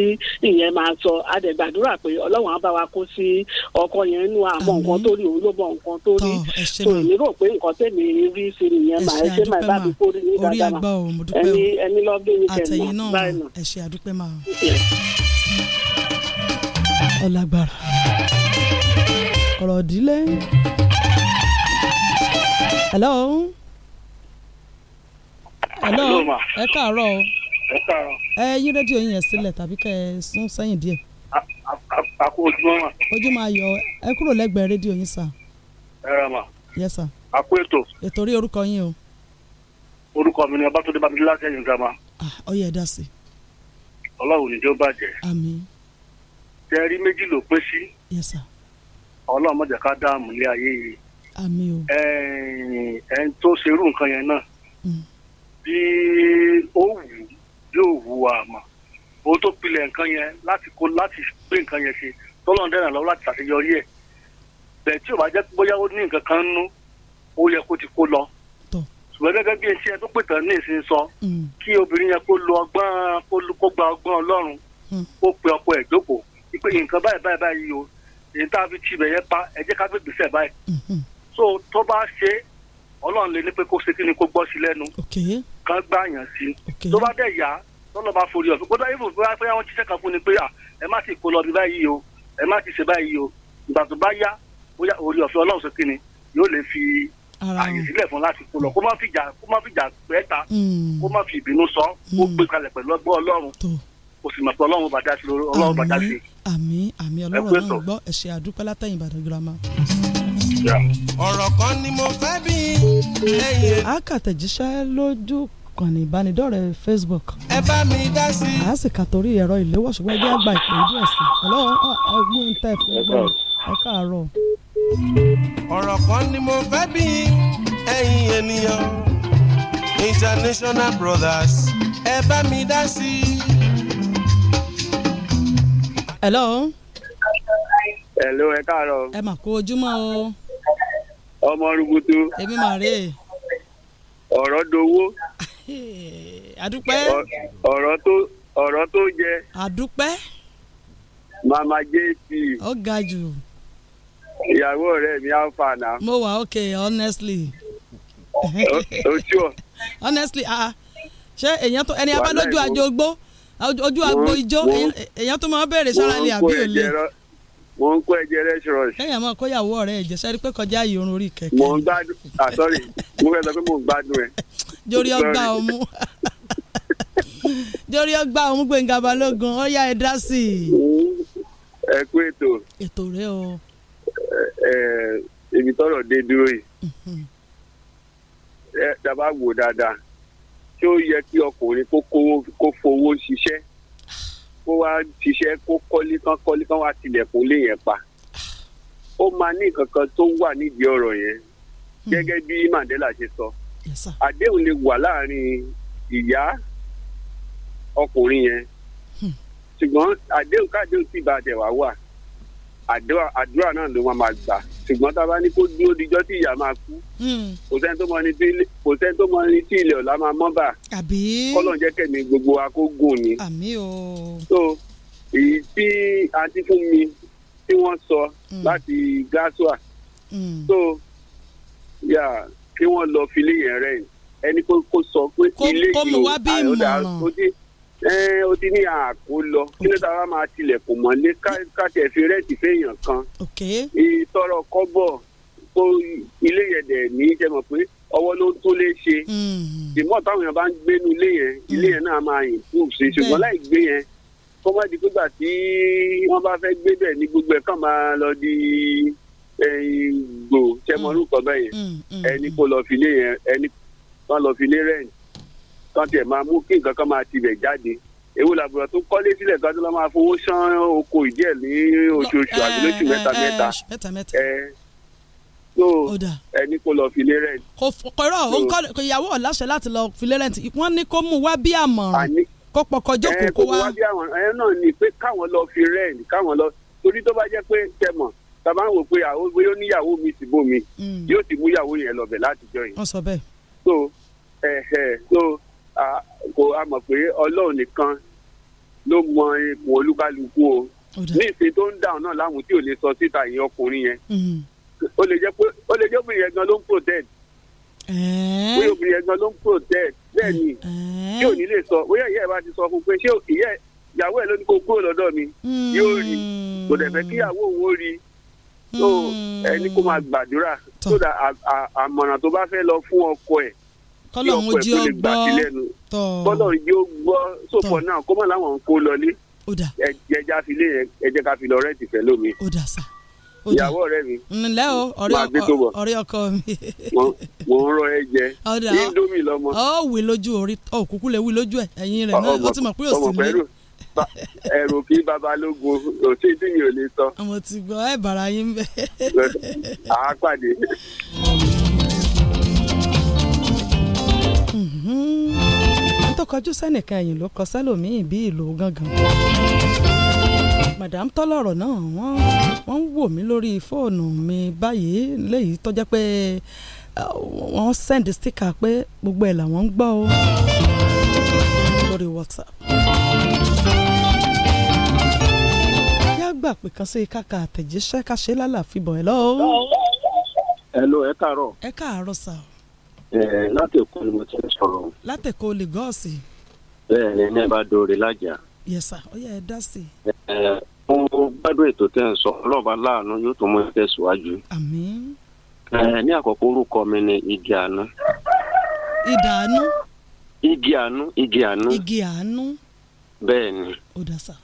ìyẹn máa sọ adẹ̀gbàdúrà pé ọlọ́run á bá wa kó sí ọkọ yẹn nínú àmọ́ nǹkan tó rí òun ló mọ nǹkan tó rí so èmi rò pé nǹkan tèmi rí sí nìyẹn máa ẹ ṣe máa bá mi kórè ní dáadáa ẹni ẹni lọ gbé mi tẹ̀lé báyìí nà. ẹ ṣe àdúpẹ́ máa ọ̀làgbàrà ọ̀rọ̀ ìdílé hello. hello ẹ káàárọ̀ o. ẹ káàárọ̀. ẹ yí rédíò yín yẹn sílẹ̀ tàbí kẹ́ ẹ sún sẹ́yìn díẹ̀. a kú ojúmọ́ mà. ojúmọ́ ayọ̀ ẹ kúrò lẹ́gbẹ̀ẹ́ rédíò yín sà. ẹ rà mà. yes sà. a kú ètò. ètò rí orúkọ yín o. orúkọ mi ni ọbátúndé bámidélé láti ẹ̀yìn girama. Ah, ó yẹ ẹ dá sí. ọlọ́run níjó bàjẹ́. àmín. tẹ rí méjì ló pín sí. yes sà. ọlọ́run mọ̀jẹ̀ ká dáàmú ilé ayé ẹ ń tó ṣerú nǹkan yẹn náà hmm. bí ó wù yóò wù àmọ́ ó tó pilẹ̀ nǹkan yẹn láti kó láti gbé nǹkan yẹn ṣe tọ́lọ́n dẹ́nà lọ́wọ́ láti ṣàṣeyọrí ẹ̀ bẹ́ẹ̀ tí ò bá jẹ́ bóyá ó ní nǹkan kan nú ó yẹ kó ti kó lọ ṣùgbọ́n gẹ́gẹ́ bí iṣẹ́ tó pè tán ní ìsìn sọ hmm. kí obìnrin yẹn kó lo ọgbọ́n kó gba ọgbọ́n ọlọ́run hmm. kó pe ọkọ ẹ̀ jókòó pé nǹkan báyìí báyìí báyìí o èyí tá a fi tì bẹ̀yẹ pa ẹ ká fi gbèsè báyìí so tó bá ṣe ọlọ́run lè ní pé kó ṣe kí ni kó gbọ́ sí lẹ́nu kan gbà yàn sí tó bá dẹ̀ yá tọ́lọ́ bá forí ọ̀fẹ́ kódà ìfò fún wa pé àwọn ṣiṣẹ́ kan fún ni pé ẹ má ti kó lọ bí báyìí o ẹ má ti ṣe báyìí o ìgbà tó bá yá bóyá orí ọ̀fẹ́ ọlọ́run ṣe kí ni yóò lè fi àyè sílẹ̀ fún láti kó lọ kó má fìjà kó má fìjà pẹ́ẹ́ta hmm. kó má fi ìbínú sọ kó hmm. gbé kalẹ̀ pẹ̀lú ọgbọ́n ọlọ́run kò sì mọ̀ pé ọlọ́run bàdá sí ọlọ́run bàdá sí. àmín àmín ọlọ́run náà gbọ́ ẹ̀ṣẹ̀ ọ̀rọ̀ kan ni mo fẹ́ bí lẹ́yìn. a lójú ìkànnì ìbánidọ́rẹ̀ẹ́ Facebook. ẹ bá mi dá sí. a sì kà torí ẹ̀rọ ìléwọ́ ṣùgbọ́n ẹgbẹ́ àgbà ìpè díẹ̀ ọ̀lọ́ ọgbọ́n kan ni mo fẹ́ bí ènìyàn International Brothers ẹ bá mi dá sí hello. hello ẹ káàárọ̀. ẹ o. ọmọ rúgudu. èmi mà rè é. ọ̀rọ̀ dowó. àdúpẹ́. ọ̀rọ̀ tó ọ̀rọ̀ tó jẹ. àdúpẹ́. mama jp. ó ga jù. ìyàwó ọ̀rẹ́ mi á fà náà. mo wà ok honestly. ojú ọ. honestly ah, ah ṣé èèyàn tó ẹni abá lójú àjò gbó ojú àgbo ijó èèyàn tó máa bẹ̀rẹ̀ sára ni àbí òle mo ń kó ẹ̀jẹ̀ rẹ́ṣì rọ̀ṣì. kẹ́yìn àmọ́ kóyàwó ọ̀rẹ́ ẹ̀jẹ̀ sẹ́rí pé kọjá ìrun orí kẹ̀kẹ́. mo ń gbádùn ah sorry mo fẹ́ sọ pé mo ń gbádùn ẹ̀. jórí ọgbà ọmú jórí ọgbà ọmú Gbénga Balógun ó yá ẹ sí i. ẹ kú ètò. ètò rẹ o. ẹ ẹ ibi tọrọ dé dúró yìí mhm. ẹ dábàá wò dáadáa ṣé ó yẹ kí ọkùnrin kó fowó ṣiṣẹ́ kó wá ṣiṣẹ́ kó kọ́lé kan kọ́lé kan wá tilẹ̀kùn lé yẹn pa ó máa ní nǹkan kan tó wà nídìí ọ̀rọ̀ yẹn hmm. gẹ́gẹ́ bí Mandela ṣe sọ àdéhùn lè wà láàrin ìyá ọkùnrin yẹn hmm. ṣùgbọ́n àdéhùn káàdéhùn sì bá a tẹ̀ wá wà àdúrà náà ló máa gbà ṣùgbọ́n tá a bá ní kó dúró dijọ́ tí ìyá máa kú hmm. kò sẹ́ni tó mọ ní tí kò sẹ́ni tó ilẹ̀ ọ̀la máa mọ́ bà kọ́lọ́n jẹ́ gbogbo wa kó gùn ni. so èyí tí àǹtí fún mi tí wọ́n sọ hmm. láti gásùà hmm. so yà kí wọ́n lọ fi ilé yẹn rẹ̀ ẹni kó sọ pé ilé yìí o ó dé ẹ o ti ní àkó lọ kí ló dára máa tilẹ̀kùn mọ́lé káàtì ẹ̀fín rẹ́ǹtì fẹ́yàn kan ìtọrọ kọ́bọ̀ tó ilé yẹn dẹ̀ ní jẹ́ mọ̀ pé ọwọ́ ló ń tó lé ṣe ìmọ̀ hmm. táwọn èèyàn bá ń gbénu ilé yẹn hmm. ilé yẹn náà máa yìn fún ṣe ṣùgbọ́n láì gbé yẹn kó má di pígbà tí wọ́n bá fẹ́ gbé bẹ̀ ní gbogbo ẹ̀ kàn máa lọ di gbò ṣẹmọ́rú hmm. kọ́ bẹ́yẹn ẹni kó lọ fi ilé yẹn ẹni kó lọ fi ilé rẹ́ǹtì tán tiẹ̀ máa mú kí nǹkan kan máa tibẹ̀ jáde èwo làbùrọ̀ tó kọ́lé sílẹ̀ kan tó lọ́ máa fowó san oko ìdí ẹ̀ ní oṣooṣù àbí lóṣù eh, mẹ́ta mẹ́ta eh, ẹ eh, so ẹni kò lọ filé rent. kò kọ́rọ̀ ìyàwó ọ̀láṣẹ láti lọ filé rent wọ́n ní kó mú wá bí àmọ̀ràn kó pọkọ jókòó kó wá. ẹ kó wá bí àmọ̀ràn ẹ náà ni pé káwọn lọ fi rent káwọn lọ torí tó bá jẹ́ pé tẹ̀mọ̀ tàbá ń wò pé bóyá oníyàwó mi ti bó mi mm. yóò ti mú ìyàwó yẹn lọ bẹ̀ látijọ́ yìí. wọ́n sọ bẹ́ẹ̀. so ẹ̀ ẹ̀ so kò a mọ̀ pé ọlọ́run nìkan ló mọ ipò olúkálukú o ní ìsìn tó ń dáhùn náà láwọn tí ò lè sọ síta ìyẹn ọkùnrin yẹn mm-hmm. ó lè jẹ́ pé ó lè jẹ́ obìnrin yẹn gan ló ń protect pé eh. obìnrin yẹn gan ló ń protect bẹ́ẹ̀ ni eh. tí ò ní lè sọ bóyá ìyá ẹ̀ bá ti sọ fún un pé ṣé ìyá ìyàwó ẹ̀ ló ní kó kúrò lọ́dọ̀ mi mm. yóò rí kò dẹ̀ fẹ́ kíyàwó òun ó rí mm. ẹni kó máa gbàdúrà so that àmọ̀ràn tó bá fẹ́ lọ fún ọkọ ẹ̀ kọ́lọ́run jí ó gbọ́ tọ́ kọ́lọ́run jí ó gbọ́ sófò náà kó mọ̀ láwọn ń kó lọlé ẹja filé ẹjẹ ká fi lọ rẹ́ǹtì fẹ́ lómi. ó dà sá ìyàwó ọ̀rẹ́ mi. ǹlẹ́ o ọ̀rẹ́ ọkọ mi. mo ń rọ ẹ jẹ indomie lọmọ. ọ wí lójú orí ọ kúkú lè wí lójú ẹ ẹyin rẹ náà ó ti mọ̀ pé òsì mi. ẹrù kí babalógun òsì tí mi ò lè sọ. mo ti gbọ́ ẹ̀ bàrà yín bẹ́ẹ̀. àá pàdé. n tó kọjú sẹ́nìkan ẹ̀yìn ló kọ sẹ́lòmíì bí ìlú gangan madam tọ́lọ̀rọ̀ náà wọ́n wọ́n wò mí lórí fóònù mi báyìí léyìí pé wọ́n send sticker pé gbogbo ẹ̀ làwọn ń gbọ́ o lórí WhatsApp. yá gbà pé kan sí ká ṣe lọ́wọ́. ẹ lo ẹ káàárọ̀. ẹ káàárọ̀ sáà. Eh, láti èkó ni mo ti ń sọ̀rọ̀. láti èkó lagos. bẹ́ẹ̀ ni ní bá dòrè lájà. yẹsà ó yẹ ẹ dá sí. Eh, mo gbádùn ètò tẹ́ ń sọ ọlọ́ọ̀bá láàánú yóò tún mú tẹ̀síwájú. àmín. Eh, ní àkọ́kọ́ orúkọ mi ni igi àánú. ìdà àánú. igi àánú igi àánú. igi àánú. bẹ́ẹ̀ ni. ó dá sà.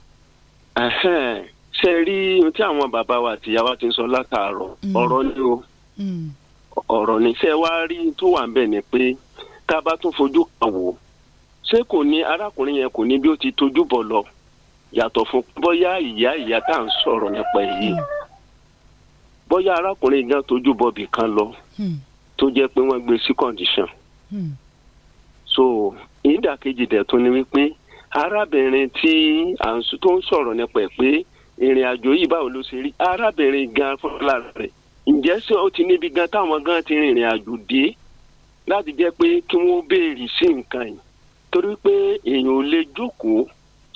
ṣe rí ohun tí àwọn bàbá wa àtìyá wa ti sọ látàárọ̀ mm. ọ̀rọ̀ ni o. Mm. ọ̀rọ̀ níṣẹ́ wá rí tó wà ń bẹ̀ ni pé tá a bá tún fojú kan wò ṣé kò ní arákùnrin yẹn kò ní bí ó ti tójú bọ̀ lọ yàtọ̀ fún bóyá ìyá ìyá tá à ń sọ̀rọ̀ nípa èyí bóyá arákùnrin gan tójú bọ̀ bì kan lọ hmm. tó jẹ́ pé wọ́n gbé sí condition hmm. so ìdàkejì dẹ̀ tún ni wípé arábìnrin tí tó ń sọ̀rọ̀ nípa ẹ̀ pé ìrìn àjò yìí báwo ló ṣe rí arábìnrin gan fúnra rẹ̀ ǹjẹ́ ṣé ó ti níbi gan táwọn gan ti rìnrìn àjò dé láti jẹ́ pé kí wọ́n béèrè sí nǹkan yìí torí pé èèyàn ò lè jókòó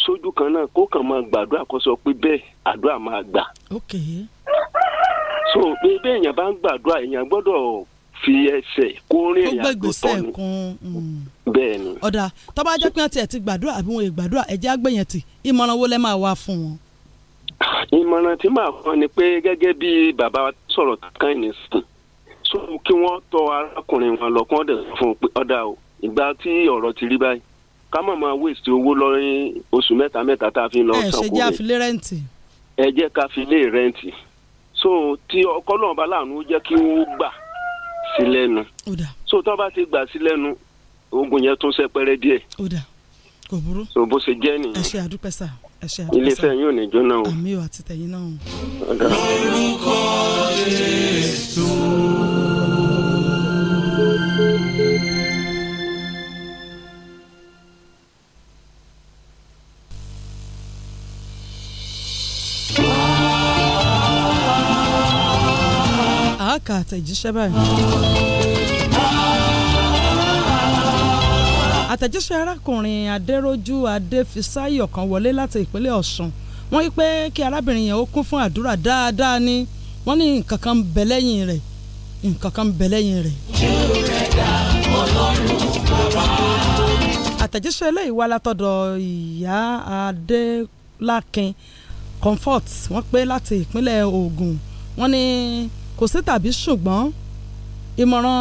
sójú kan náà kó kàn máa gbàdúrà kó sọ pé bẹ́ẹ̀ àdúrà máa gbà. so pé bẹ́ẹ̀ èèyàn bá ń gbàdúrà èèyàn gbọ́dọ̀ fi ẹsẹ̀ kó rìn mm. ni. ọ̀dà tó bá jẹ́ pé wọ́n ti gbàdúrà àbí wọn ò gbàdúrà ẹ̀jẹ̀ ìmọ̀ràn wo máa fún wọn. ìmọ̀ràn tí ni pé bàbá sọ̀rọ̀ kankan nìsín so kí wọ́n tọ arákùnrin wọn lọ kí wọ́n dẹ̀ fún un pé ọ̀dà o ìgbà tí ọ̀rọ̀ ti rí báyìí ká má máa wéèsì owó lọ́rin oṣù mẹ́ta mẹ́ta tá a fi lọ sanko rẹ̀ ẹ ṣe jẹ́ àfilé rẹ́ǹtì. ẹ jẹ́ ká fi lé rẹ́ǹtì so tí ọkọ náà bá láàánú jẹ́ kí ó gbà sí lẹ́nu so tó bá ti gbà sí lẹ́nu oògùn yẹn tún sẹ́pẹ́rẹ́ díẹ̀. so bó ṣe jẹ́ nìyẹn. ẹ ṣe àdúpẹ́ sáà iléeṣẹ́ yóò ní jóná o. àmì ò àti tẹ̀yìn náà. lórúkọ jésù. àáka àtẹ̀jíṣẹ́ báyìí. àtẹ̀jíṣẹ́ arákùnrin adẹ́rójú adéfisáyọ̀ kan wọlé láti ìpínlẹ̀ ọ̀ṣun wọ́n wí pé kí arábìnrin yẹn ó kún fún àdúrà dáadáa ni wọ́n ní nǹkan kan ń bẹ lẹ́yìn rẹ̀ nǹkan kan ń bẹ lẹ́yìn rẹ̀. àtẹ̀jíṣẹ́ eléyìí wá látọ̀dọ̀ ìyá adélákin comfort wọ́n pé láti ìpínlẹ̀ ògùn wọ́n ní kò sí tàbí ṣùgbọ́n ìmọ̀ràn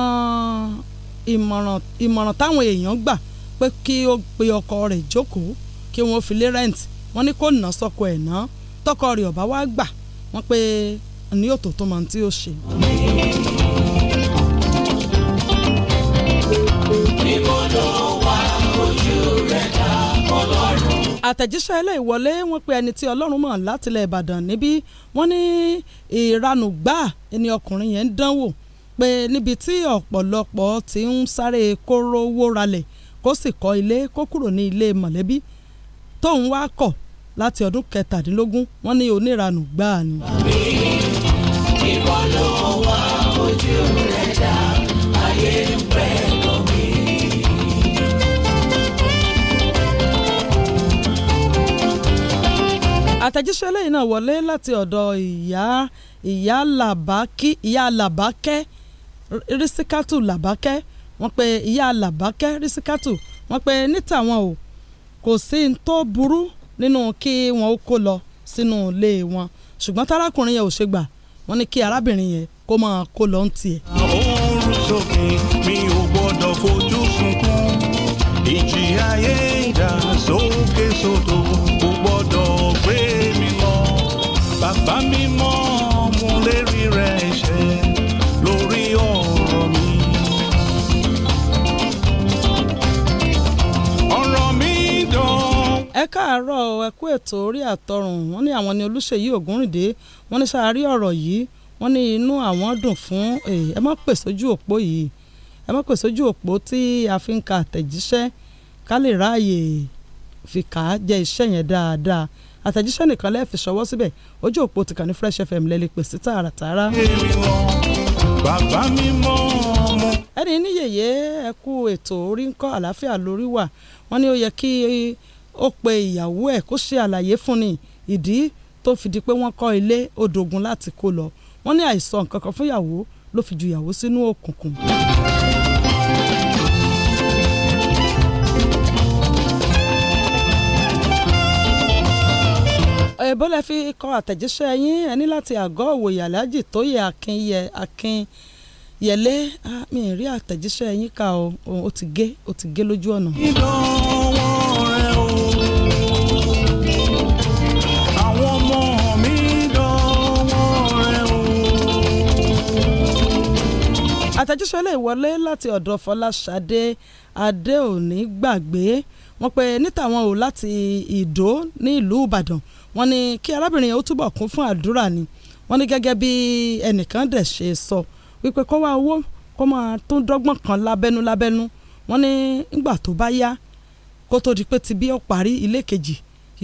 ìmọ̀ràn táwọn èèyàn gbà pé kí ó pe ọkọ rẹ̀ jókòó kí wọ́n fi lé rẹ́ǹtì wọ́n ní kó nà sọ́kọ ẹ̀ ná tọkọ rẹ̀ ọ̀bá wá gbà wọ́n pé ní òtò tó mọ̀ tí ó ṣe. àtẹ̀jíṣẹ́ ilé ìwọlé wọ́n pe ẹni tí ọlọ́run mọ̀ látilẹ̀ ìbàdàn níbí wọ́n ní ìranù gbà ni ọkùnrin yẹn ń dánwò pé níbi tí ọ̀pọ̀lọpọ̀ ti ń sáré kóró wó ralẹ̀ kó sì kọ́ ilé kó kúrò ní ilé mọ̀lẹ́bí tóun wá kọ̀ láti ọdún kẹtàdínlógún wọ́n ní oníranù gbáà ni. àtẹ̀jíṣẹ́ lẹ́yìn náà wọlé láti ọ̀dọ̀ ìyá ìyá làbákẹ́ ìyá làbákẹ́ rísíkátù làbákẹ́ wọ́n pe ìyá làbákẹ́ rìsíkátù wọ́n pe ní tàwọn o kò sí n tó burú nínú kí wọn ó kó lọ sínú ilé wọn ṣùgbọ́n tárákùnrin yẹn ò ṣe gbà wọ́n ní kí arábìnrin yẹn kó máa kó lọ ń tiẹ̀. oorun sókè mi ò gbọ́dọ̀ fojú sunkún ìjì ayé ìjà sókè sódò kò gbọ́dọ̀ gbé mi lọ bàbá mi mọ. káàárọ̀ ẹ̀kú ètò orí àtọrùn wọ́n ní àwọn ni Olúṣèyí Ògúnrìndé wọ́n ní sáárí ọ̀rọ̀ yìí wọ́n ní inú àwọn dùn fún ẹ má pè sójú òpó yìí ẹ má pè sójú òpó tí a fi ń ka àtẹ̀jíṣẹ́ ká lè ráàyè fi jẹ iṣẹ́ yẹn dáadáa àtẹ̀jíṣẹ́ nìkan lẹ́ẹ̀ fi ṣọwọ́ síbẹ̀ ojú òpó ti kà ní Fresh FM lẹ́lẹ́ pè tààràtààrà. ẹni ní yèyé ẹ̀kú ètò orí ńkọ́ àlàáfíà lórí wà wọ́n ní ó yẹ kí ó pe ìyàwó ẹ̀ kó ṣe àlàyé fún ni ìdí tó fi di pé wọ́n kọ́ ilé odògùn láti kó lọ wọ́n ní àìsọ nǹkan kan fún ìyàwó ló fi ju ìyàwó sínú òkùnkùn. ẹ̀bọ́lẹ̀ fi kọ àtẹ̀jíṣẹ́ yín ẹni láti àgọ́ òwòye aláàjì tó yẹ akínyẹ akínyẹlé mi rí àtẹ̀jíṣẹ́ yín ká o ó ti gé ó ti gé lójú ọ̀nà. àtẹ̀jíṣẹ́ lè wọlé láti ọ̀dọ̀ Fọláṣadé Adéòní gbàgbé wọ́n pe nítàwọn ò láti Ìdó ní ìlú Ìbàdàn wọ́n ní kí arábìnrin ó túbọ̀ kún fún àdúrà ni wọ́n ní gẹ́gẹ́ bí ẹnìkan dẹ̀ ṣe sọ wípé kó wá owó kó máa tó dọ́gbọ́n kan lábẹ́nú lábẹ́nú wọ́n ní ńgbà tó bá yá kó tó di pé ti bí ó parí ilé kejì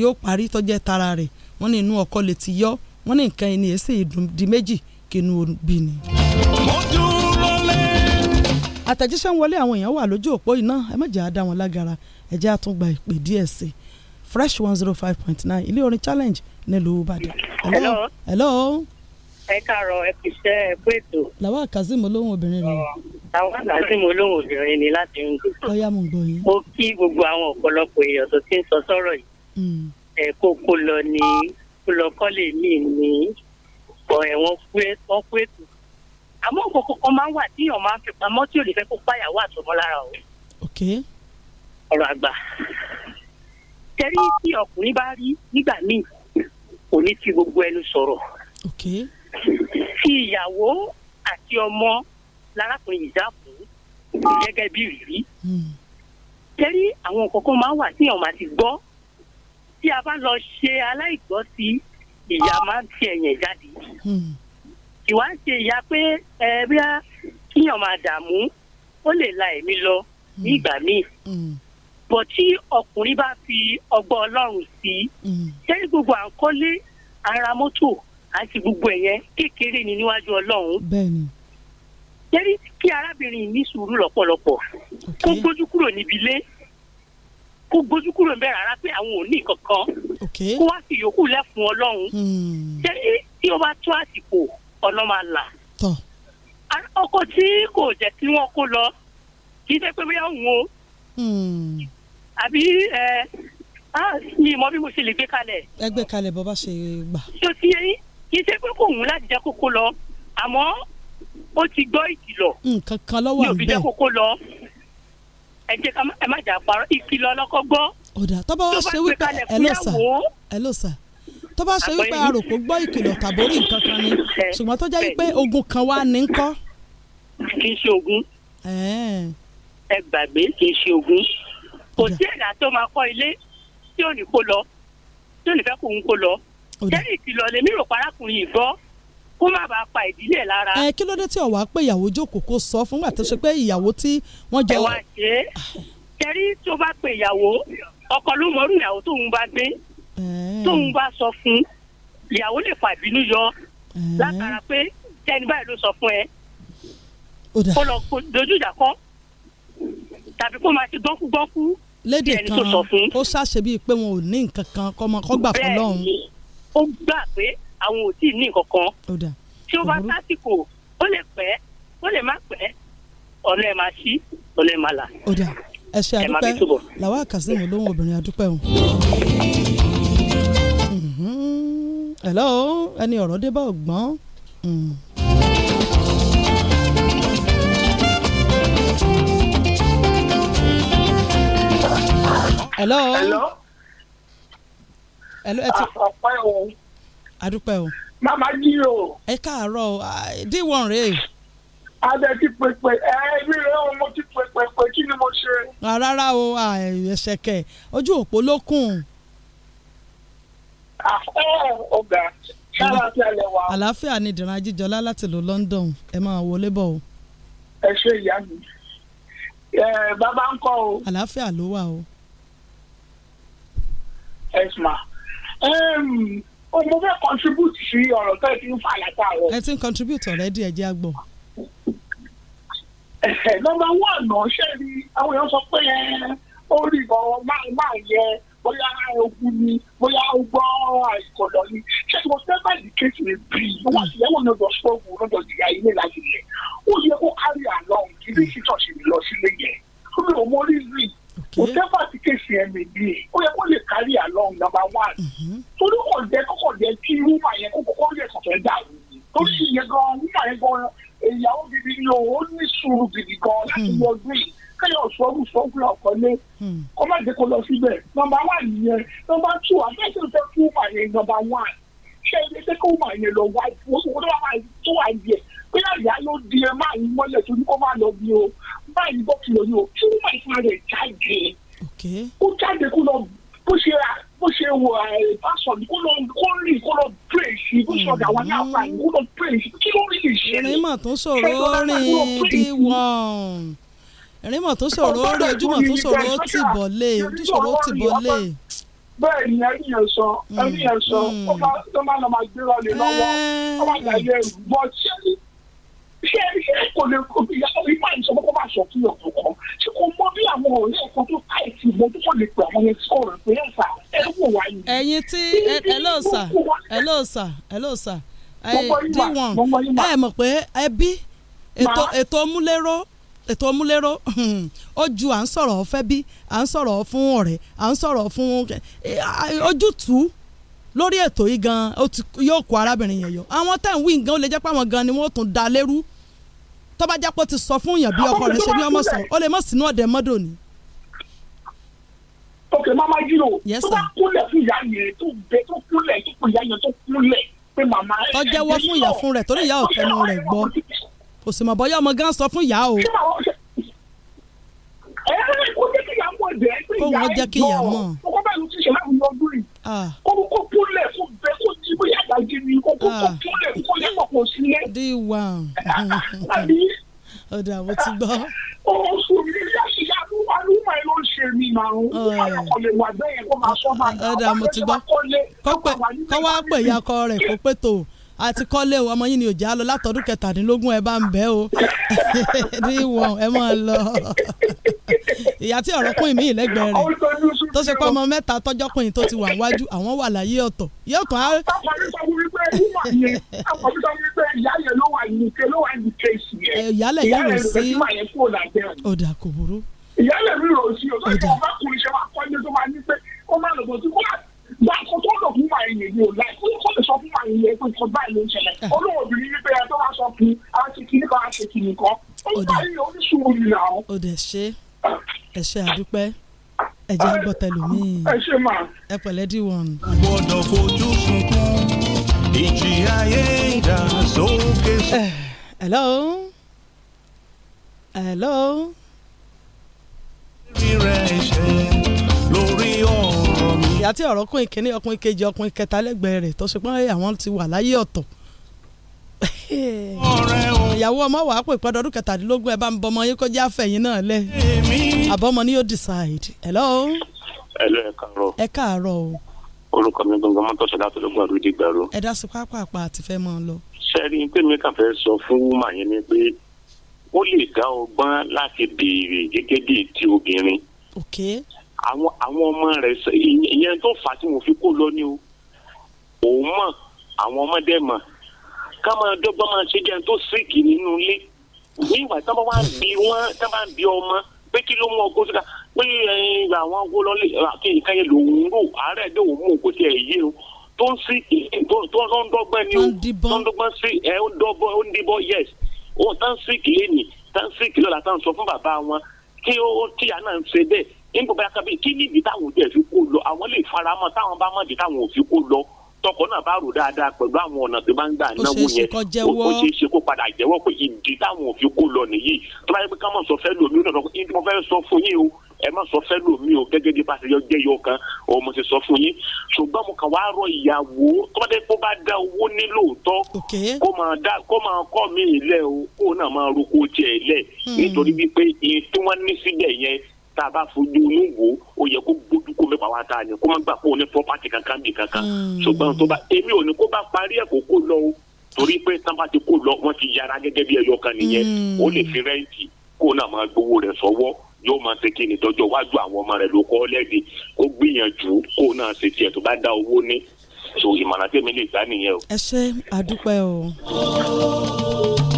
yóò parí tó jẹ́ tara rẹ̀ wọ́n ní inú ọkọ lè ti yọ wọ́n ní nǹkan ẹni èsì ìdùn di méjì kí inú bí ni. mo dùn àtẹ̀jíṣẹ́ ń wọlé àwọn èèyàn wà lójú òpó iná ẹ má jẹ́ àdá wọn lágara ẹ jẹ́ àtúngbà ìpè díẹ̀ sí fresh one zero five point nine ilé orin challenge nílùú ìbàdàn. hello. hello. ẹ káàárọ̀ ẹ kì í ṣe ẹ kú ètò. làwọn kazeem olóhùn obìnrin ni. làwọn kazeem olóhùn obìnrin ni láti ń gbò. ọyá mo gbọ́ yín. mo kí gbogbo àwọn ọ̀pọ̀lọpọ̀ èèyàn tó ti ń sọ sọ́rọ̀ yìí. Hmm. ẹ kó kó lọ ní kó lọ kọ́lé mi ní ẹ̀wọ̀n kú ètò àmọ́ nǹkan kankan máa ń wà tíyàn máa ń fi pamọ́ tí ò lè fẹ́ kó páyàwó àtọmọ lára o. ok. ọ̀rọ̀ àgbà tẹ́rí tí ọkùnrin bá rí nígbà míì kò ní ti gbogbo ẹnu sọ̀rọ̀. ok. ti ìyàwó àti ọmọ lárákùnrin ìdáàbò gẹ́gẹ́ bí ìrírí. tẹ́rí hmm. àwọn nǹkan kan máa ń wà tíyàn máa ti gbọ́ tí a bá lọ ṣe aláìgbọ́ sí ìyá máa ń tiẹ̀ yẹn jáde. Hmm kì wá ṣe ìyá pé ẹ bí a kíyàn máa dààmú ó lè la ẹ̀mí lọ ní hmm. ìgbà míì hmm. bọ̀ tí ọkùnrin bá fi ọgbọ́n ọlọ́run sí tẹ́lẹ̀ hmm. gbogbo à ń kọ́lé ara mọ́tò àti gbogbo ẹ̀yẹn kékeré ni níwájú ọlọ́run tẹ́lẹ̀ kí arábìnrin ní sùúrù lọ́pọ̀lọpọ̀ kó gbójú kúrò níbi ilé kó gbójú kúrò bẹ́ẹ̀ rárá pé àwọn ò ní kankan kó wá sí yòókù lẹ́fun ọlọ́run tẹ́lẹ̀ tí ó bá tó àsìkò ọ̀nà máa là. ọkọ̀ tí kò jẹ́ kí wọ́n kó lọ kì í ṣe pé bóyá òun o hmm. àbí ẹ mi mọ bí mo ṣe lè gbé kalẹ̀. ẹ gbé kalẹ̀ bó bá ṣe gbà. ṣé o ti yẹ yín kì í ṣe pé kò wù láti jẹ́ kókó lọ àmọ́ ó ti gbọ́ ìkìlọ̀. nǹkan kan ló wà níbẹ̀. mi ò fi jẹ́ kókó lọ ẹ jẹ́ ká ẹ má jà parọ́ ìkìlọ̀ ọlọ́kọ́ gbọ́. ọ̀dà tọ́ba wá ṣe wípé ẹ ló sà ẹ ló sà tó bá sọ wípé aròpó gbọ́ ìkìlọ̀ tàbórí nǹkan kan ni ṣùgbọ́n tó jẹ́ wípé ogun kan wà ní kọ́. kì í ṣe ogun ẹ gbàgbé kì í ṣe ogun kò sí ẹ̀dá tó máa kọ́ ilé tí ò ní kó lọ tí ò ní fẹ́ kó ń kó lọ jẹ́rìí ìkìlọ̀ lèmi rò parákùnrin yìí kó má bàa pa ìdílé lára. ẹ kí ló dé tí ọwọ́ á pé ìyàwó jókòó kó sọ fúngbà tó ṣe pé ìyàwó tí wọ́n jọ. ẹ wá ṣe é jẹ́rìí ah. tó bá pe ìyàwó ọkọ ló mọ orí ìyàwó tóun bá gbé Eh. tóun bá sọ fún ìyàwó lè fà bínú yọ eh. látara pé tẹni báyìí ló sọ fún ẹ kó lọ dojú ìjà kọ tàbí kó máa ṣe gbọ́nkúgbọ́nkú lédè kan ó ṣàṣe bíi pé wọn ò ní nǹkan kan kọ́mọ kọ́ gbà fún lọ́hùn. ó gbà pé àwọn ò tí ì ní nǹkan kan tí ó bá tásìkò ó lè pẹ́ ó lè má pẹ́ ọ̀nà ẹ̀ máa ṣí ọ̀nà ẹ̀ máa là. ẹ ṣe àdúpẹ́ làwọn àkàsí ìwọ̀n lóhùn obìnrin àdúpẹ́ o. Mm-hmm. hello ẹni ọ̀rọ̀ dé bá ọ̀gbọ́n. Mm. hello. hello. hello ẹ ti. adúpẹ́ o. màmá jí o. ẹ káàárọ̀ o ah, díwọ̀n rèé adẹ ti pèpè ẹ ibi rẹ o mo ti pèpè pé kí ni mo ṣe. rárá o ẹsẹ̀ ojú òpó ló kùn ọ̀gá ṣáà láti alẹ́ wa. àlàáfíà ni Dìran Ajíjọlá láti ìlú London ẹ máa wọlé bọ̀ o. ẹ ṣe ìyá mi bàbá ń kọ́ o. àlàáfíà ló wà o. ẹ sùnmà mo fẹ́ contribute sí ọ̀rọ̀ tó ẹ ti ń fà látàárọ̀. ẹ ti ń contribute already ẹ jẹ́ àgbọ̀. nọ́mbà one náà ṣe ni àwọn èèyàn sọ pé ó rí ìbọn máa ń yẹ bóyá ogun ni bóyá ogbọ́ àìkọ̀lọ̀ ni ṣé ìwọ sẹ́fà ní rẹ̀ bí wọ́n ti lẹ́wọ̀n náà jọ sọ́ọ̀bù náà ilé láti yẹ ó yẹ kó kárí àlọ́hùn kí bí títọ̀ lọ sílé yẹn ó mi ò mọ rírì kò sẹ́fà ti kéésì ẹ̀ mi ó yẹ kó lè kárí àlọ́hùn nàmbà wán torí kò jẹ́ kí wúmà yẹn kókò kó yẹ kọ̀fẹ́ dà kéèyàn ṣọ́ọ̀bù ṣọ́ọ̀bù ọkọ̀ lé kó má jẹ́ kó lọ síbẹ̀ nọmba wà nìyẹn nọmba tù àfẹ́sẹ̀ fẹ́ kú mà yẹn nọmba wà ṣé ilé fẹ́ kó mà yẹn lọ wá oṣù tó wà tó wà yẹ pé àyà ló di ẹ máa ń mọ́lẹ̀ tó ní kó má lọ bí o báyìí bọ́ kìlọ̀ ni o tí wọ́n máa fa rẹ̀ jáde kó jáde kó lọ bó ṣe bó ṣe wọ pásọ̀ ni kó lọ kó rìn kó lọ pírèsì bó ṣe ọ̀dà wọn ní àfààní kó lọ pírèsì kí ló rí lè ṣe. ìrìnmọ̀ tó sọ̀rọ̀ rìn rímọ̀ tó ṣòro orí ojúmọ̀ tó ṣòro ó bọ̀ lé ojúṣòro ó tì bọ̀ lé. bẹ́ẹ̀ ni mm, ẹni yẹn sọ ẹni yẹn sọ ó máa tó máa gbéra lè lọ́wọ́ eh. ó máa yẹ bọ́ ṣé ṣé kò lè kó ìyá ìmọ̀ ìṣòro kó máa ṣọ̀tún ọ̀tún kan ṣé kò mọ bí àwọn ọ̀rẹ́ ẹ̀kan tó ká ìtì mọ́ tó kàn lè pè àwọn yẹn sọ̀rọ̀ pé ẹ̀sà ẹ̀ wò wá yìí. ẹ̀yin tí ẹ lóòsà ẹ lóòsà ẹ lóòsà ẹ d1 ẹ mọ̀ pé ẹbí ètò múlẹ́rọ́ ètò múlẹ́rọ ó à ń sọ̀rọ̀ ọ̀fẹ́ bí à ń sọ̀rọ̀ fún ọ̀rẹ́ à ń sọ̀rọ̀ fún eh, ojútùú lórí ètò yìí gan yóò kó arábìnrin yẹn yọ àwọn tẹ̀ ń wí nǹkan ó lè jẹ́ pé àwọn gan ni wọ́n tún da lérú tó ti sọ fún yàn bí ọkọ rẹ̀ ṣe ní ọmọ sọ ó lè mọ̀ sínú ọ̀dẹ̀ mọ́dọ̀ ni. ok mama jiro tó bá kúnlẹ̀ fún ìyá yẹn tó bẹ tó kúnlẹ̀ tó kún tó kúnlẹ̀ pé màmá. tó jẹ́wọ́ fún ìyá fún rẹ̀ torí ìyá ọ̀tẹnu rẹ̀ gbọ́ kò sì mọ̀ bọ́yá ọmọ gan sọ fún ìyá o. kó jẹ́ kí ìyá mọ̀ dẹ́ pé ìyá ẹ̀ gbọ́ ah. kó bá lu ti ṣe láwùjọ lọ́dún yìí kó kó kúnlẹ̀ fún bẹ́ẹ̀ kó jí bóyá àgbàjì ni kó ah. kó kúnlẹ̀ kó yẹ kó sílẹ̀. díwà ọ̀dà mo ti mo ti gbọ́ kọ́ wá pè ya kọ rẹ̀ kó pé tó àti kọ́lé o ọmọ yín ni òjá lọ látọdún kẹtàdínlógún ẹ bá ń bẹ́ o rí wọn ẹ máa lọ ìyá tí ọ̀rọ̀ kún ìmí ìlẹ́gbẹ̀ẹ́ rẹ̀ tó ṣe pé ọmọ mẹ́ta tọ́jọ́ kún yìí tó ti wà wájú àwọn wà láyé ọ̀tọ̀ yóò kàn á. ìyálẹ̀ yẹn rò sí ọ̀dà kò burú. ìyálẹ̀ mi rò sí ọ̀dà kò burú. ọ̀dà kò burú gba àkótọ́dọ̀ fún ẹ tó bá wọn. gbọ́dọ̀ fojú sunkún ìjì ayé ìdá sókè. hello hello. lórí ọ̀rọ̀ ìyá tí ọ̀rọ̀ kún ìkíní ọkùnrin kejì ọkùnrin kẹta lẹ́gbẹ̀ẹ́ rẹ̀ tó ṣe àwọn ti wà láyé ọ̀tọ̀ ìyàwó ọmọ wàá pè pẹ́ ọdún kẹtàdínlógún ẹ bá ń bọmọ yín kọjá fẹ̀yìn náà lẹ̀ àbọ̀mọ ni yóò decide. hello. hello ẹ káàárọ̀. ẹ káàárọ̀ o. orúkọ mi gangan mọ́tò ṣẹlá tó lọ́gbọ̀n àdúgbò ìgbàro. ẹ dá sí pápá àpá àti fẹ́ mọ́ lọ. sẹ́rí pé mi kàn fẹ́ sọ fún wúmà yẹn ni pé ó lè dá ọgbọ́n láti béèrè gẹ́gẹ́ bíi ti obìnrin àwọn àwọn ọmọ rẹ̀ ìyẹn tó fà á tí mo fi kó lọ ni o òun mọ̀ àwọn ọmọdé mọ̀ ká máa dọ́gbọ́n máa ṣe jẹun tó síkì nínú ilé nígbà tí wọ́n bá ń bi wọ́n tí wọ́n bá ń bi ọmọ pé kí ló mú ọkọ síta pé ẹyin àwọn awo lọlé àti nǹkan yẹn lòun ń lò àárẹ̀ dé òun mú kò tiẹ̀ yé o tó ń sí tó ń dọ́gbọ́n ni o tó ń dọ́gbọ́n sí ẹ ó dọ́gbọ́n ó ń dìbọn yes ó tán síkì lẹ́nìí tán síkì lọ́la tán sọ fún bàbá wọn kí ó tíya náà ń ṣe bẹ́ẹ̀ nígbà kan bíi kí nídìí táwọn òjò ẹ̀fí kó lọ àwọn lè faramọ́ táwọn bá mọ̀dí táwọn ò fi kó lọ tọkọ náà bá rò dáadáa pẹ̀lú àwọn ọ̀nà tó bá ń gbà náwó yẹn ó ṣe é ṣe kó padà jẹ́wọ́ pé ìdí táwọn ò fi kó lọ nìyí tó bá yẹ pé ká mọ̀ sọ fẹ́ lómi ó náà sọ fẹ́ sọ fún yín o ẹ má sọ fẹ́ lómi o gẹ́gẹ́ bí bá ṣe yọ jẹ́ yọ kan o mo ti sọ fún yín ṣùgbọ́n mo kàn wá rọ ìyàwó tọ́dẹ́ tó bá dá owó ní lóòótọ́ kó máa kọ́ mi ìlẹ̀ o kó náà máa roko tiẹ̀ lẹ̀ hmm. nítorí wípé ìtumọ̀ ní síbẹ̀ yẹn tá a bá fojú olóńgbò ó yẹ kó gbójú kó mẹ́fà wá tá a ní kó má gbà pé òun ní property kankan bì kankan hmm. ṣùgbọ́n tó bá èmi ò ní kó bá parí ẹ̀ kó kó lọ o torí pé tánbà ti kó lọ wọ́n ti yára gẹ́gẹ́ bí ẹyọ kan nìyẹn hmm. ó lè fi rẹ́ǹtì kó náà máa gbowó rẹ̀ sọ́wọ́ yóò máa ṣe kí ni tọ́jọ́ wájú àwọn ọmọ rẹ̀ ló kọ́ lẹ́ẹ̀dì kó gbìyànjú kó náà ṣe tiẹ̀ tó bá dá owó ní so ìmọ̀ràn tèmi lè gbá nìyẹn o. ẹ ṣe àdúpẹ́ o.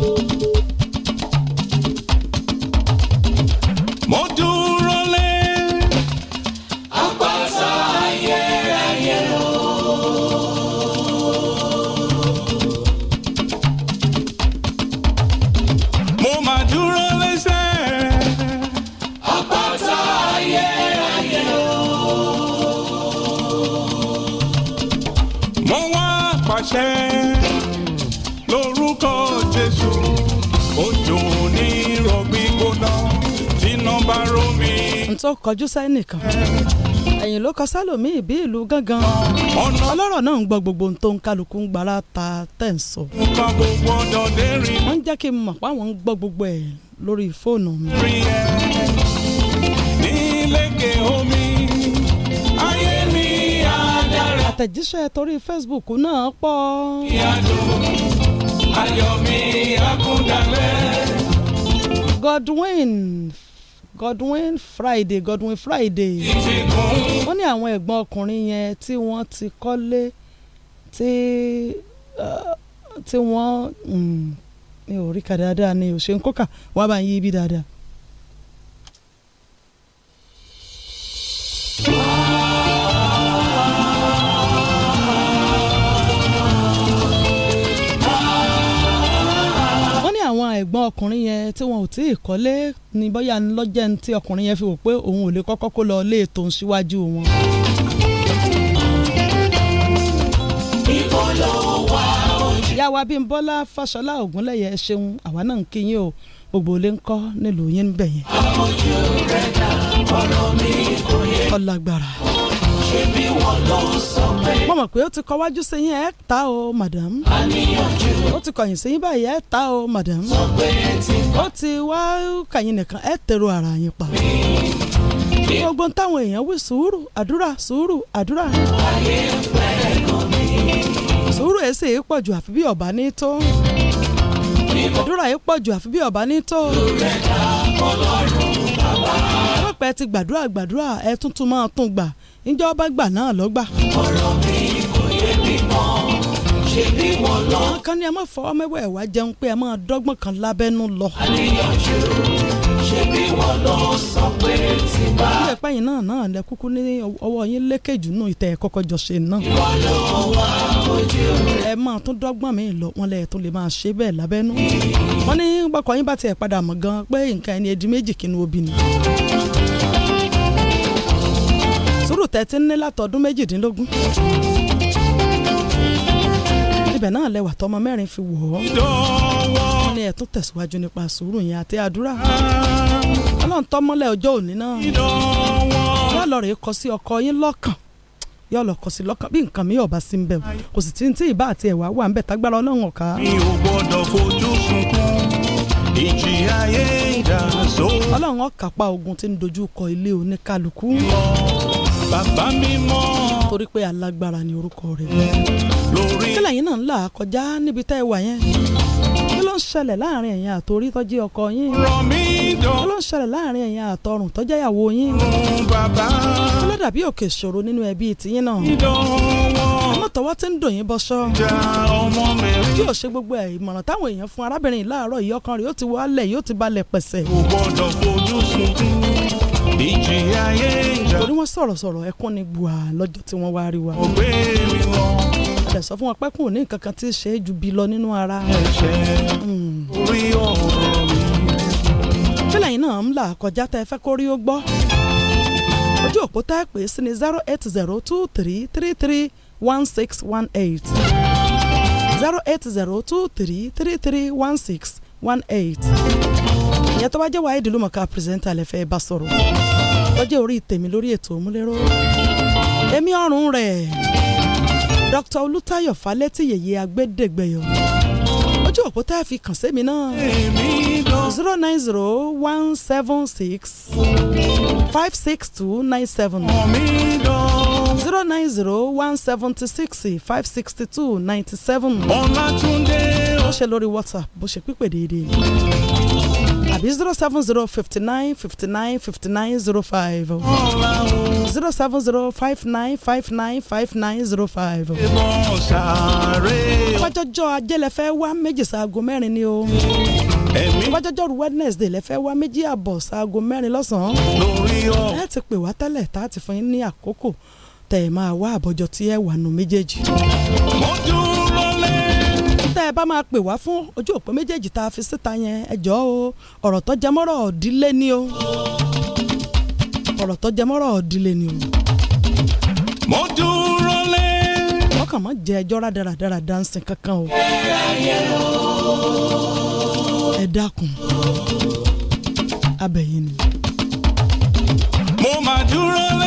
sọ kọjú sẹ́nìkan ẹ̀yìn ló kọ sálòmíì bí ìlú gángan ọlọ́rọ̀ náà ń gbọ́ gbogbo ohun tó ń kálukú ń gbára ta tẹ̀sán wọ́n jẹ́ kí n mọ̀ pé àwọn ń gbọ́ gbogbo ẹ̀ lórí fóònù mi. àtẹ̀jíṣẹ́ torí Facebook náà pọ̀. Ayọ̀mí Akúndalẹ̀. Godwin Godwin Friday Godwin Friday wọ́n ní àwọn ẹ̀gbọ́n ọkùnrin yẹn tí wọ́n ti kọ́lé tí uh, tí wọ́n hmm, mi ò ka dáadáa ni ò ṣe ń kókà wàá bá yí ibi dáadáa. ẹ̀gbọ́n ọkùnrin yẹn tí wọn ò tí ì kọ́lé ni bóyá lọ́jẹ́ ní tí ọkùnrin yẹn fi wò pé òun ò lè kọ́kọ́ kó lọ lé ètò síwájú wọn. ibo ló wà ojú. ìyá wa Ògúnlẹ̀yẹ ṣeun àwa náà ń kí o gbogbo ilé ń kọ́ nílùú yín níbẹ̀ yẹn ṣebí wọn ló sọ pé. mo mọ̀ pé ó ti kọwájú sí yín ẹ̀ ta o madam. àníyànjú. ó ti kọ̀yìn sí yín báyìí ẹ̀ ta o madam. sọ pé ti fa. ó ti wá kàyìn nìkan ẹ̀ tẹ̀rọ ara yín pa. mi. gbogbo táwọn èèyàn wí sùúrù àdúrà sùúrù àdúrà. ayé pẹ́ ẹ̀gàn mi. sùúrù ẹ̀ sì pọ̀ ju àfi bí ọ̀bá ní tó. àdúrà yìí pọ̀ ju àfi bí ọ̀bá ní tó. lórí ẹ̀dá ọlọ́run bàbá. ọlọ́pàá ti gbàdúrà gbàdúrà ẹ̀ tuntun máa tún gbà níjọ́ bá gbà náà ló gbà. ọ̀rọ̀ mi kò yé mi mọ́ ṣe bí wọ́n lọ. àwọn kan ní ẹ máa fọwọ́ mẹ́wàá ẹ̀wà jẹun pé ẹ máa dọ́gbọ́n kan lábẹ́nú lọ. àníyànjú ṣe bí wọ́n lọ sọ pé ti bá. ilé ẹ̀pá yìí náà náà lẹ kúkú ní ọwọ́ yín lékejì nù ìtẹ̀ kọ́kọ́ jọ ṣe náà. ẹ máa tún dọ́gbọ́n mi lọ wọn lẹ tó lè máa ṣe bẹ́ẹ̀ lábẹ́nú. wọ́n ní gbọ́kọ̀ yín bá tiẹ̀ padà mọ̀ gan pé nǹkan ẹni edi méjì kínú obì tẹ́ ti ń ní látọdún méjìdínlógún ibẹ̀ náà lẹwà tọmọ mẹ́rin fi wọ̀ ọ́ wọ́n ní ẹ̀tún tẹ̀síwájú nípa sùúrù yẹn àti àdúrà ọlọ́run tọ́mọ́lẹ̀ ọjọ́ òní náà wọ́n lọ rèé kọ sí ọkọ yín lọ́kàn lọ kọ sí lọ́kàn bí nǹkan mi sí kò sì ti àti ẹ̀wà wà ń bẹ̀ tágbára ọlọ́run ọ̀ka. mi ogun bàbá mímọ́. torí pé alágbára ni orúkọ rẹ̀. lórí. kílẹ̀ yín náà ń là kọjá níbi tẹ́ ẹ wà yẹn. kí ló ń ṣẹlẹ̀ láàrin ẹ̀yin àtòrí tọ́jú ọkọ yín. rọ̀mí dán. kí ló ń ṣẹlẹ̀ láàrin ẹ̀yin àtọrùn tọ́jáyàwó yín. rún bàbá. kí ló dàbí òkè ìṣòro nínú ẹbí tiyín náà. ìdánwò àmọ́ tọwọ́ ti ń dùn yín bọ́ṣọ́. ja ọmọ mi. yóò ṣe gbogbo ìmọ̀ràn táwọn èèyàn fún arábìnrin láàárọ̀ yìí ọkàn rẹ̀ yóò ti wálẹ̀ yóò ti balẹ̀ pẹ̀sẹ̀. kò gbọ́dọ̀ fojú sunkún ìjì ayé ìjà. torí wọ́n sọ̀rọ̀ sọ̀rọ̀ ẹkún ni gbùà lọ́jọ́ tí wọ́n wá rí wa. mo gbé mi wọ́n. ẹ sọ fún wọn pé kò ní nǹkan kan tí ì ṣe é ju bí lọ nínú ara. ẹ̀ṣẹ̀ hmm. orí ọ̀rọ̀ mi. kílẹ̀ yìí náà ń là kọjá tẹ fẹ́ kó rí ó gbọ́. ojú òpó tá a pè sí ni zero eight zero two three three three one six one eight zero eight zero two three three three one six one eight ìyẹn tó bá jẹ́ wáyé ìdílùmọ̀ká pírẹsẹ̀ntà lẹ́fẹ̀ẹ́ bá sọ̀rọ̀ lọ́jọ́ orí tèmi lórí ètò òmúlẹ́rọ́ èmi ọ̀run rẹ̀ Dr. Olùtayọ̀ Fálétí yèyé agbẹ́dẹ́gbẹ̀yọ̀ ojú òpó fi kàn sí mi náà zero nine zero one seven six five six two nine seven zero nine zero one seventy six five sixty two ninety seven. Ọlátúndé. lórí WhatsApp bó ṣe pípé déédéé tàbí zero seven zero fifty nine fifty nine fifty nine zero five zero seven zero five nine five nine five nine zero five. wájọjọ ajé lẹ fẹ́ wá méjì ṣaago mẹ́rin ni o wájọjọ Wednesday lẹ fẹ́ wá méjì àbọ̀ ṣaago mẹ́rin lọ́sàn-án ẹ ti pè wá tẹ́lẹ̀ tá a ti fún yín ní àkókò tẹ̀ máa wá àbọ̀jọ tí ẹ wà nù méjèèjì bá máa pè wá fún ojú òpó méjèèjì tá a fi síta yẹn ẹ o ọ̀rọ̀ tó jẹmọ́rọ̀ òdílé ni o ọ̀rọ̀ tó jẹmọ́rọ̀ òdílé ni o. mo dúró lé. wọ́n kàn mọ́ jẹ ẹjọ́ rádaràdarà dáńsìn kankan o. ẹ dákun abẹ́yìn ni. mo máa dúró lé.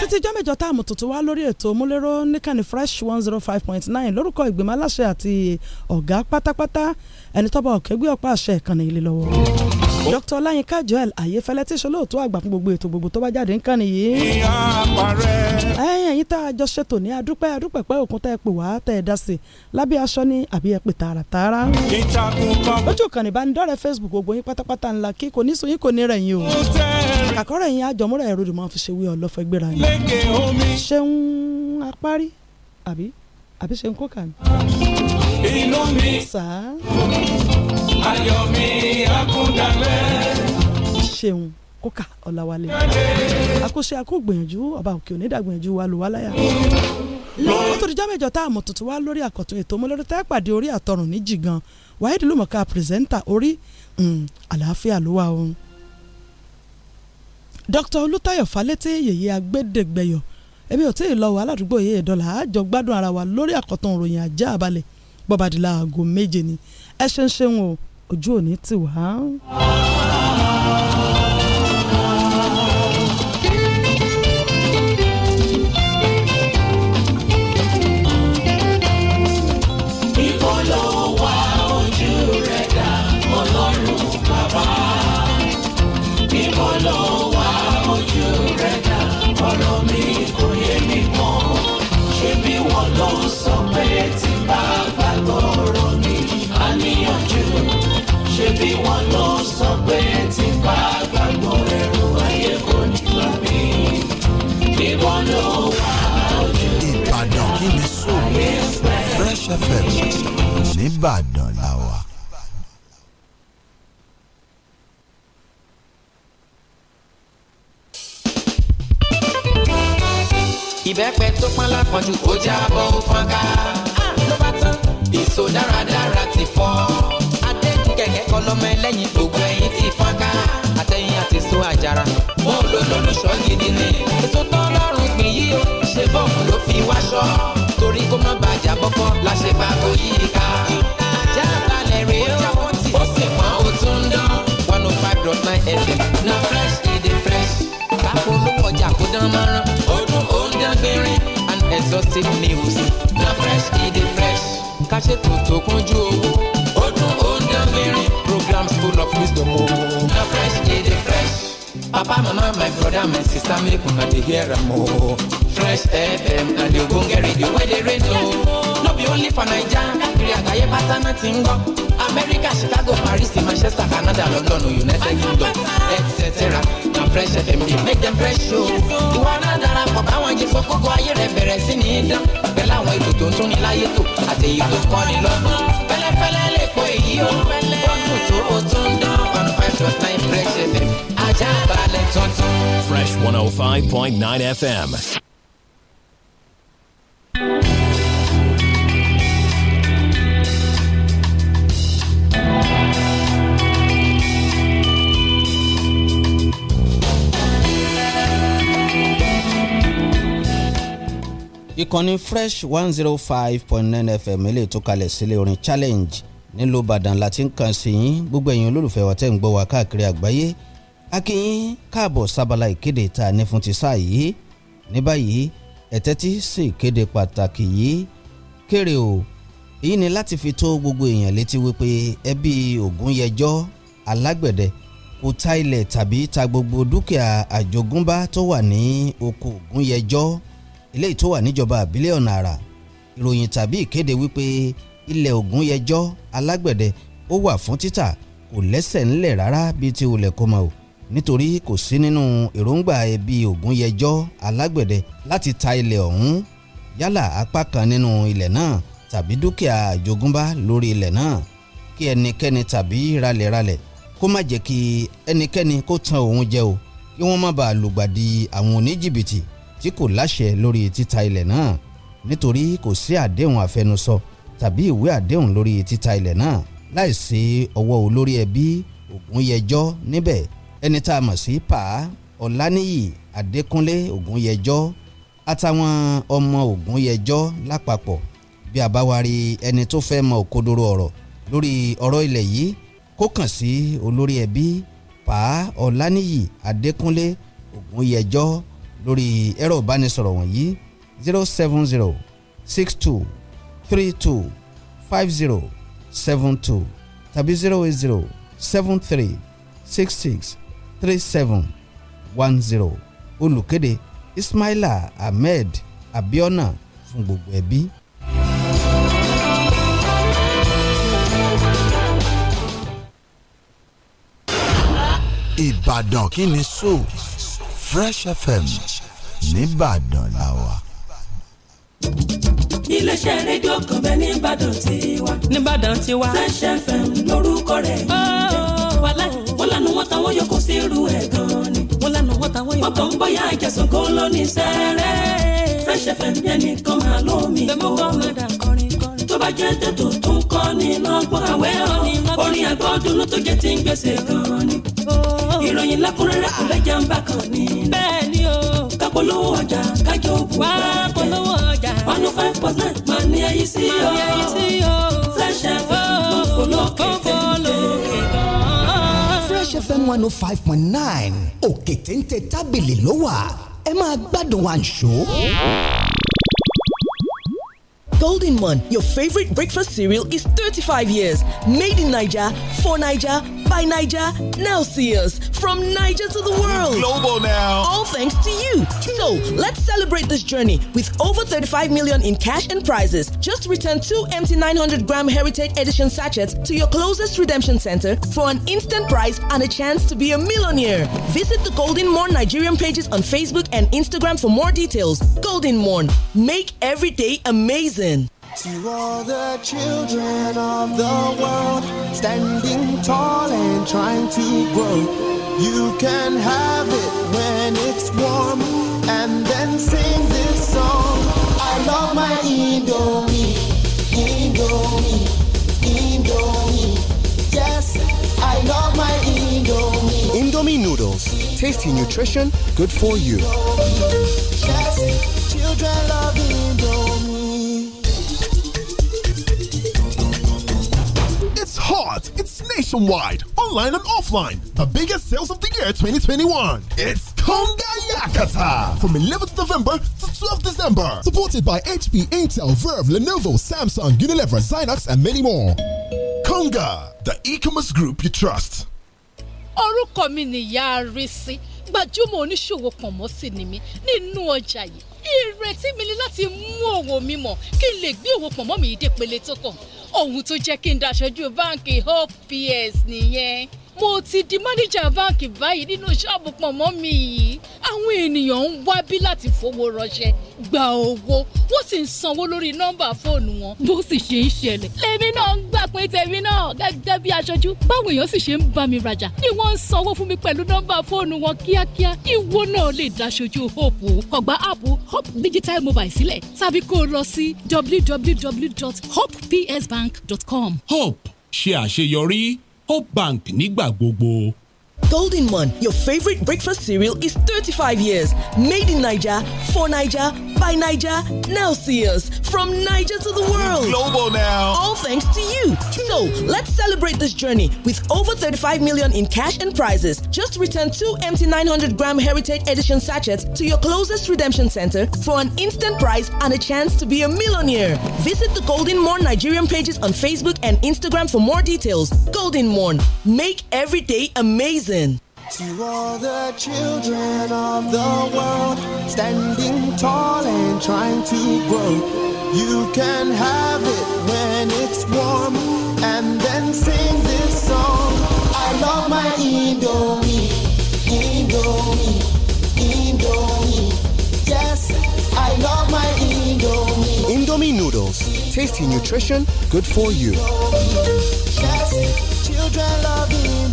títí jọ́ mẹ́jọ táàmù tuntun wá lórí ètò múlẹ́rọ́ níkànnì fresh one zero oh five point nine lórúkọ ìgbìmọ̀ aláṣẹ àti ọ̀gá pátápátá ẹni tọ́ba ọ̀kẹ́gbẹ́ ọ̀pá àṣẹ ìkànnì ilé lọ́wọ́. Dr. Ọláyínká Joel Ayéfẹ́lẹ́ tí ìṣolóòtú àgbà fún gbogbo ètò gbogbo tó bá jáde nǹkan nìyí. ẹ̀yin ẹ̀yin tá a jọ ṣètò ní adúpẹ́ adúpẹ́ pẹ́ òkun tẹ́ ẹ pè wá tẹ́ ẹ dá sí lábẹ́ aṣọ ní àbí ẹ pè tààràtààrà. lójú kan ìbánidọ́rẹ̀ẹ́ Facebook gbogbo yín pátápátá ńlá kí kò ní sùn yín kò ní rẹ̀ yín o. àkọ́rẹ́ yín àjọmúrẹ̀ ẹ̀rọ ìdùnmọ́ fi ṣe wí ọlọ́fẹ́ gbéra inú mi. sáà ayọ̀ mi akúndalẹ̀. ṣeun kókà ọ̀làwálé àkóṣe àkógbìyànjú ọba òkè onídàgbìyànjú wa lò wá láyà lọ́wọ́ tó di jọ́ mẹ́jọ tá a mọ̀ tuntun wá lórí àkọ́tún ètò ọmọlórí tá a pàdé orí àtọrùn ní jìgan wáyé dùlùmọ̀ká pírẹsẹ́ńtà orí mm, àlàáfíà ló wà òun. Dr Olútáyọ̀ Fálétí yèyé agbẹ́dẹ́gbẹ́yọ̀ èmi ò tí ì lọ wọ aládùúgbò yèyé dọ́là àjọ gbádùn ara wa lórí àkọ́tún òròyìn ajá àbálẹ̀ bọ́badìlà aago méje ni ẹ ṣe ń ṣeun o ojú òní tì wá. Ìbàdàn la wà. ìbẹ́pẹ tó pọ́n lápọ̀jù ó jábọ́ ó fọ́nká ah! ló bá tán èso dáradára ti fọ́ adẹ́kùn kẹ̀kẹ́ kọ́ lọ́mọ ẹlẹ́yin gbogbo ẹ̀yìn ti fọ́nká àtẹ̀yìn àti so àjàrà mo lò lólùṣọ́ gidi ni èso tọ́lọ́run gbìn yí o ṣe bọ́ọ̀mù ló fi wáṣọ torí kó má bàjá bọ́kọ́ la ṣe bá kó yí ká. ajá balẹ̀ rèé ó ó sì mọ́ ó tún ń dán. one oh five dot nine fm na fresh e dey fresh. káfó olówó ọjà kó dán mọ́rán. ó dún ó and exhaustive news na fresh e dey fresh. ká ṣètò tó kúnjú owó. ó dún ó ń dán programs full of wisdom o. na fresh e dey fresh papa mama my brother my sister make una dey hear am o oh. fresh fm na the ogbonge radio wey they rain o no be only for Nigeria, káàkiri àgbáyé pátá náà ti ń america chicago paris manchester canada london united kingdom etc na fresh fm dey make them fresh o oh. You wanna darapọ̀ báwọn jẹ sọ́kókó ayé rẹ̀ bẹ̀rẹ̀ sí ní dán Bella, àwọn ètò tó ń tún ní láyé tó àti èyí tó kọ́ ni lọ́gbọ́n fẹ́lẹ́fẹ́lẹ́ lè kó èyí o wọ́n kù tó one five plus nine fresh ajá tuntun. Fresh one oh five point nine FM. ìkànnì fresh one zero oh five point nine fm ilé ìtúkalẹ̀ sílé orin challenge nílùú ìbàdàn láti ń kàn sí yín gbogbo ẹ̀yin olólùfẹ́ wa tẹ́ ń gbọ́ wa káàkiri àgbáyé akínyín káàbọ̀ sábàlá ìkéde tá a ní fún ti sáà yìí ní báyìí ẹ̀tẹ́tí sí ìkéde pàtàkì yìí kéré o èyí ni láti fi tó gbogbo èèyàn létí wípé ẹbí Ògúnyẹjọ́ alágbẹ̀dẹ kò ta ilẹ̀ tàbí ta gbogbo dúkìá àjogúnbá tó wà ní oko Ògúnyẹjọ́ eléyìí tó wà níjọba àbílẹ̀ ọ̀nà àrà ìròyìn tàbí ìkéde wípé ilẹ̀ Ògúnyẹjọ́ alágbẹ̀dẹ ó wà fún títà kò lẹ́sẹ̀ ńlẹ̀ rárá bíi ti olè kọ́mọ o nítorí kò sí nínú èròǹgbà ẹbí Ògúnyẹjọ́ alágbẹ̀dẹ láti ta ilẹ̀ ọ̀hún yálà apá kan nínú ilẹ̀ náà tàbí dúkìá àjogúnbá lórí ilẹ̀ náà kí ẹnikẹ́ni tàbí ralẹ̀ralẹ̀ kó má jẹ́ kí ẹnikẹ́ni kó tan òun jẹ o kí wọ́n má bàa lùgbàdì àwọn oníjìbìtì tí kò láṣẹ lórí títa ilẹ̀ náà nítorí kò sí àdéhùn àfẹnusọ tàbí ìwé àdéhùn lórí títa ilẹ̀ náà láìsí ọwọ́ olórí ẹbí Ògúnyẹjọ́ níbẹ̀ ẹni tá a mọ̀ sí pa ọ̀lànìyí adékúnlé ògúnyẹjọ́ àtàwọn ọmọ ògúnyẹjọ́ lápapọ̀ bí a bá wá rí ẹni tó fẹ́ mọ òkodoro ọ̀rọ̀ lórí ọ̀rọ̀ ilẹ̀ yìí kó kàn sí olórí ẹbí pa ọ̀lànìyí adékúnlé ògúnyẹjọ́ lórí ẹ̀rọ ìbánisọ̀rọ̀ wọ̀nyí zero seven zero six two three two five zero seven two tàbí zero eight zero seven three six six three seven one zero olùkéde Ismaila Ahmed Abiona fún gbogbo ẹbí. Ìbàdàn kí ni so Fresh FM nìbàdàn la wà. iléeṣẹ́ rédíò kan bẹ́ẹ̀ nìbàdàn tiwa nìbàdàn tiwa Fresh FM lórúkọ rẹ̀ yìí jẹ́ wàhálà wọ́n tawọ́ kó sí irú ẹ̀ gan ni. wọ́n lànà wọ́n tawọ́ ọkọ̀ ń bọ́yá ìjẹsùn kó ló ní sẹ́rẹ́. Fresh FM yẹn nìkan máa ló mi kó. bẹ́ẹ̀ mo kọ́ mẹ́ta kọrin kọrin. tó bá jẹ́ tètò tó ń kọ́ ni lọ́gbọ́n àwẹ̀ ọ́ orin àgbọ̀dúnú tó jẹ́ ti ń gbèsè gan ni. Oh. ìròyìn lẹ́kùnrẹ́rẹ́ kò lẹ́jà ń bà kàn ni. bẹ́ẹ̀ ni o. kápolówó ọjà kájọ òkú wá polówó ọjà. one oh five percent máa ní Fresh FM ló fò fm one oh five point nine òkè téńté tábìlì ló wà ẹ máa gbádùn àǹṣó. Golden One, your favorite breakfast cereal, is 35 years. Made in Niger, for Niger, by Niger, now see us. From Niger to the world. Global now. All thanks to you. So let's celebrate this journey with over 35 million in cash and prizes. Just return two empty 900 gram Heritage Edition sachets to your closest redemption center for an instant prize and a chance to be a millionaire. Visit the Golden Morn Nigerian pages on Facebook and Instagram for more details. Golden Morn. Make every day amazing. To all the children of the world, standing tall and trying to grow, you can have it when it's warm, and then sing this song. I love my Indomie, Indomie, Indomie. Yes, I love my Indomie. Indomie noodles, tasty nutrition, good for you. nationwide, online and offline. The biggest sales of the year 2021. It's Conga Yakata from 11th November to 12th December. Supported by HP, Intel, Verve, Lenovo, Samsung, Unilever, Zynox, and many more. Conga, the e-commerce group you trust. orúkọ mi nìyá Rísí gbajúmọ̀ oníṣòwò pọ̀nmọ́ sí ni mí nínú ọjà yìí ìrètí mi ni láti mú òwò mi mọ̀ kí n lè gbé òwò pọ̀nmọ́ mi dé pele tó kàn ohun tó jẹ́ kí n daṣojú báǹkì hope ps nìyẹn mo ti di mánéjà báǹkì báyìí nínú ṣọ́ọ̀bù pọ̀nmọ́ mi yìí àwọn ènìyàn ń wábí láti fowó rọṣẹ gba owó wọ́n sì ń sanwó lórí nọ́mbà fóònù wọn bó sì ṣe ń ṣẹlẹ̀. lèmi náà ń gbà pé tèmi náà gẹ́gẹ́ bí aṣojú báwo èèyàn sì ṣe ń bá mi rajà ni wọ́n ń sanwó fún mi pẹ̀lú nọ́mbà fóònù wọn kíákíá ìwọ náà lè dáṣojú hope ọgbà app hope digital mobile sílẹ̀ tàbí kó o lọ sí www.hopepsbank.com. hope ṣe àṣeyọrí Hope Bank nígbà gbogbo Golden One, your favorite breakfast cereal is 35 years. Made in Niger, for Niger, by Niger, now see us. From Niger to the world. Global now. All thanks to you. So let's celebrate this journey with over 35 million in cash and prizes. Just return two empty 900 gram Heritage Edition sachets to your closest redemption center for an instant prize and a chance to be a millionaire. Visit the Golden Morn Nigerian pages on Facebook and Instagram for more details. Golden Morn, make every day amazing season. To all the children of the world, standing tall and trying to grow. You can have it when it's warm, and then sing this song. I love my Indomie, Indomie, Indomie. Yes, I love my Indomie. Indomie noodles, tasty nutrition, good for you. Yes, children love